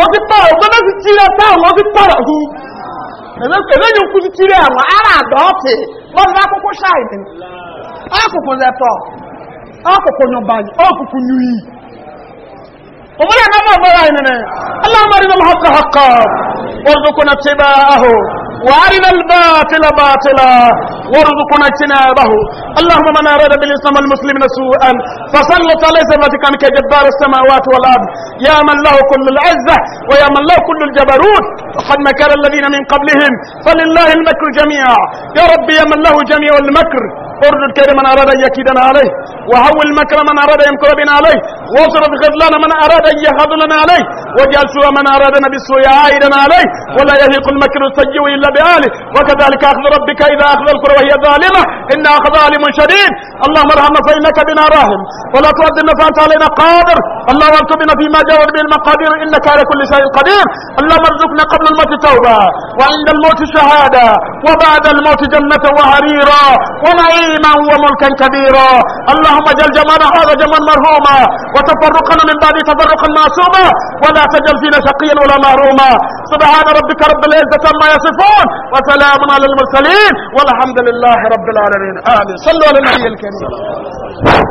ó ti pààrọ̀ ọgbọ́dọ́ ti tírẹ táwọn ó ti pààrọ̀ hù ẹ̀lẹ́yìn ń kú ti tírẹ àwọn ará àdọ́ọ̀tì lọ́nà akókó ṣáà ìdìn ọkùnkùn lẹ́tọ̀ ọkùnkùn yọ̀bàyì ọkùnkùn yìí ومنعنا ما بغيننا اللهم ارنا الحق حقا وارزقنا اتباعه وارنا الباطل باطلا وارزقنا اجتنابه اللهم من اراد بالاسلام والمسلمين سوءا فسلط عليه ذمتك انك جبار السماوات والارض يا من له كل العزه ويا من له كل الجبروت وقد مكر الذين من قبلهم فلله المكر جميعا يا رب يا من له جميع المكر اردد كيد من اراد ان يكيدنا عليه وهول مكر من اراد ان يمكر بنا عليه واصرف خذلان من اراد ان يخذلنا عليه واجعل سوء من ارادنا بالسوء عائدا عليه ولا يهلك المكر السيئ الا باهله وكذلك اخذ ربك اذا اخذ الكرة وهي ظالمه ان اخذ ظالم شديد اللهم ارحمنا فانك بنا راهم ولا تردنا فانت علينا قادر اللهم ارزقنا فيما جاور به المقادير انك على كل شيء قدير اللهم ارزقنا قبل الموت توبه وعند الموت شهاده وبعد الموت جنه وحريرا ونعيم عظيما وملكا كبيرا اللهم جل جمال هذا جمال مرهوما وتفرقنا من بعد تفرقا معصوما ولا تجل فينا شقيا ولا مهروما سبحان ربك رب العزة عما يصفون وسلام على المرسلين والحمد لله رب العالمين آمين صلوا على النبي الكريم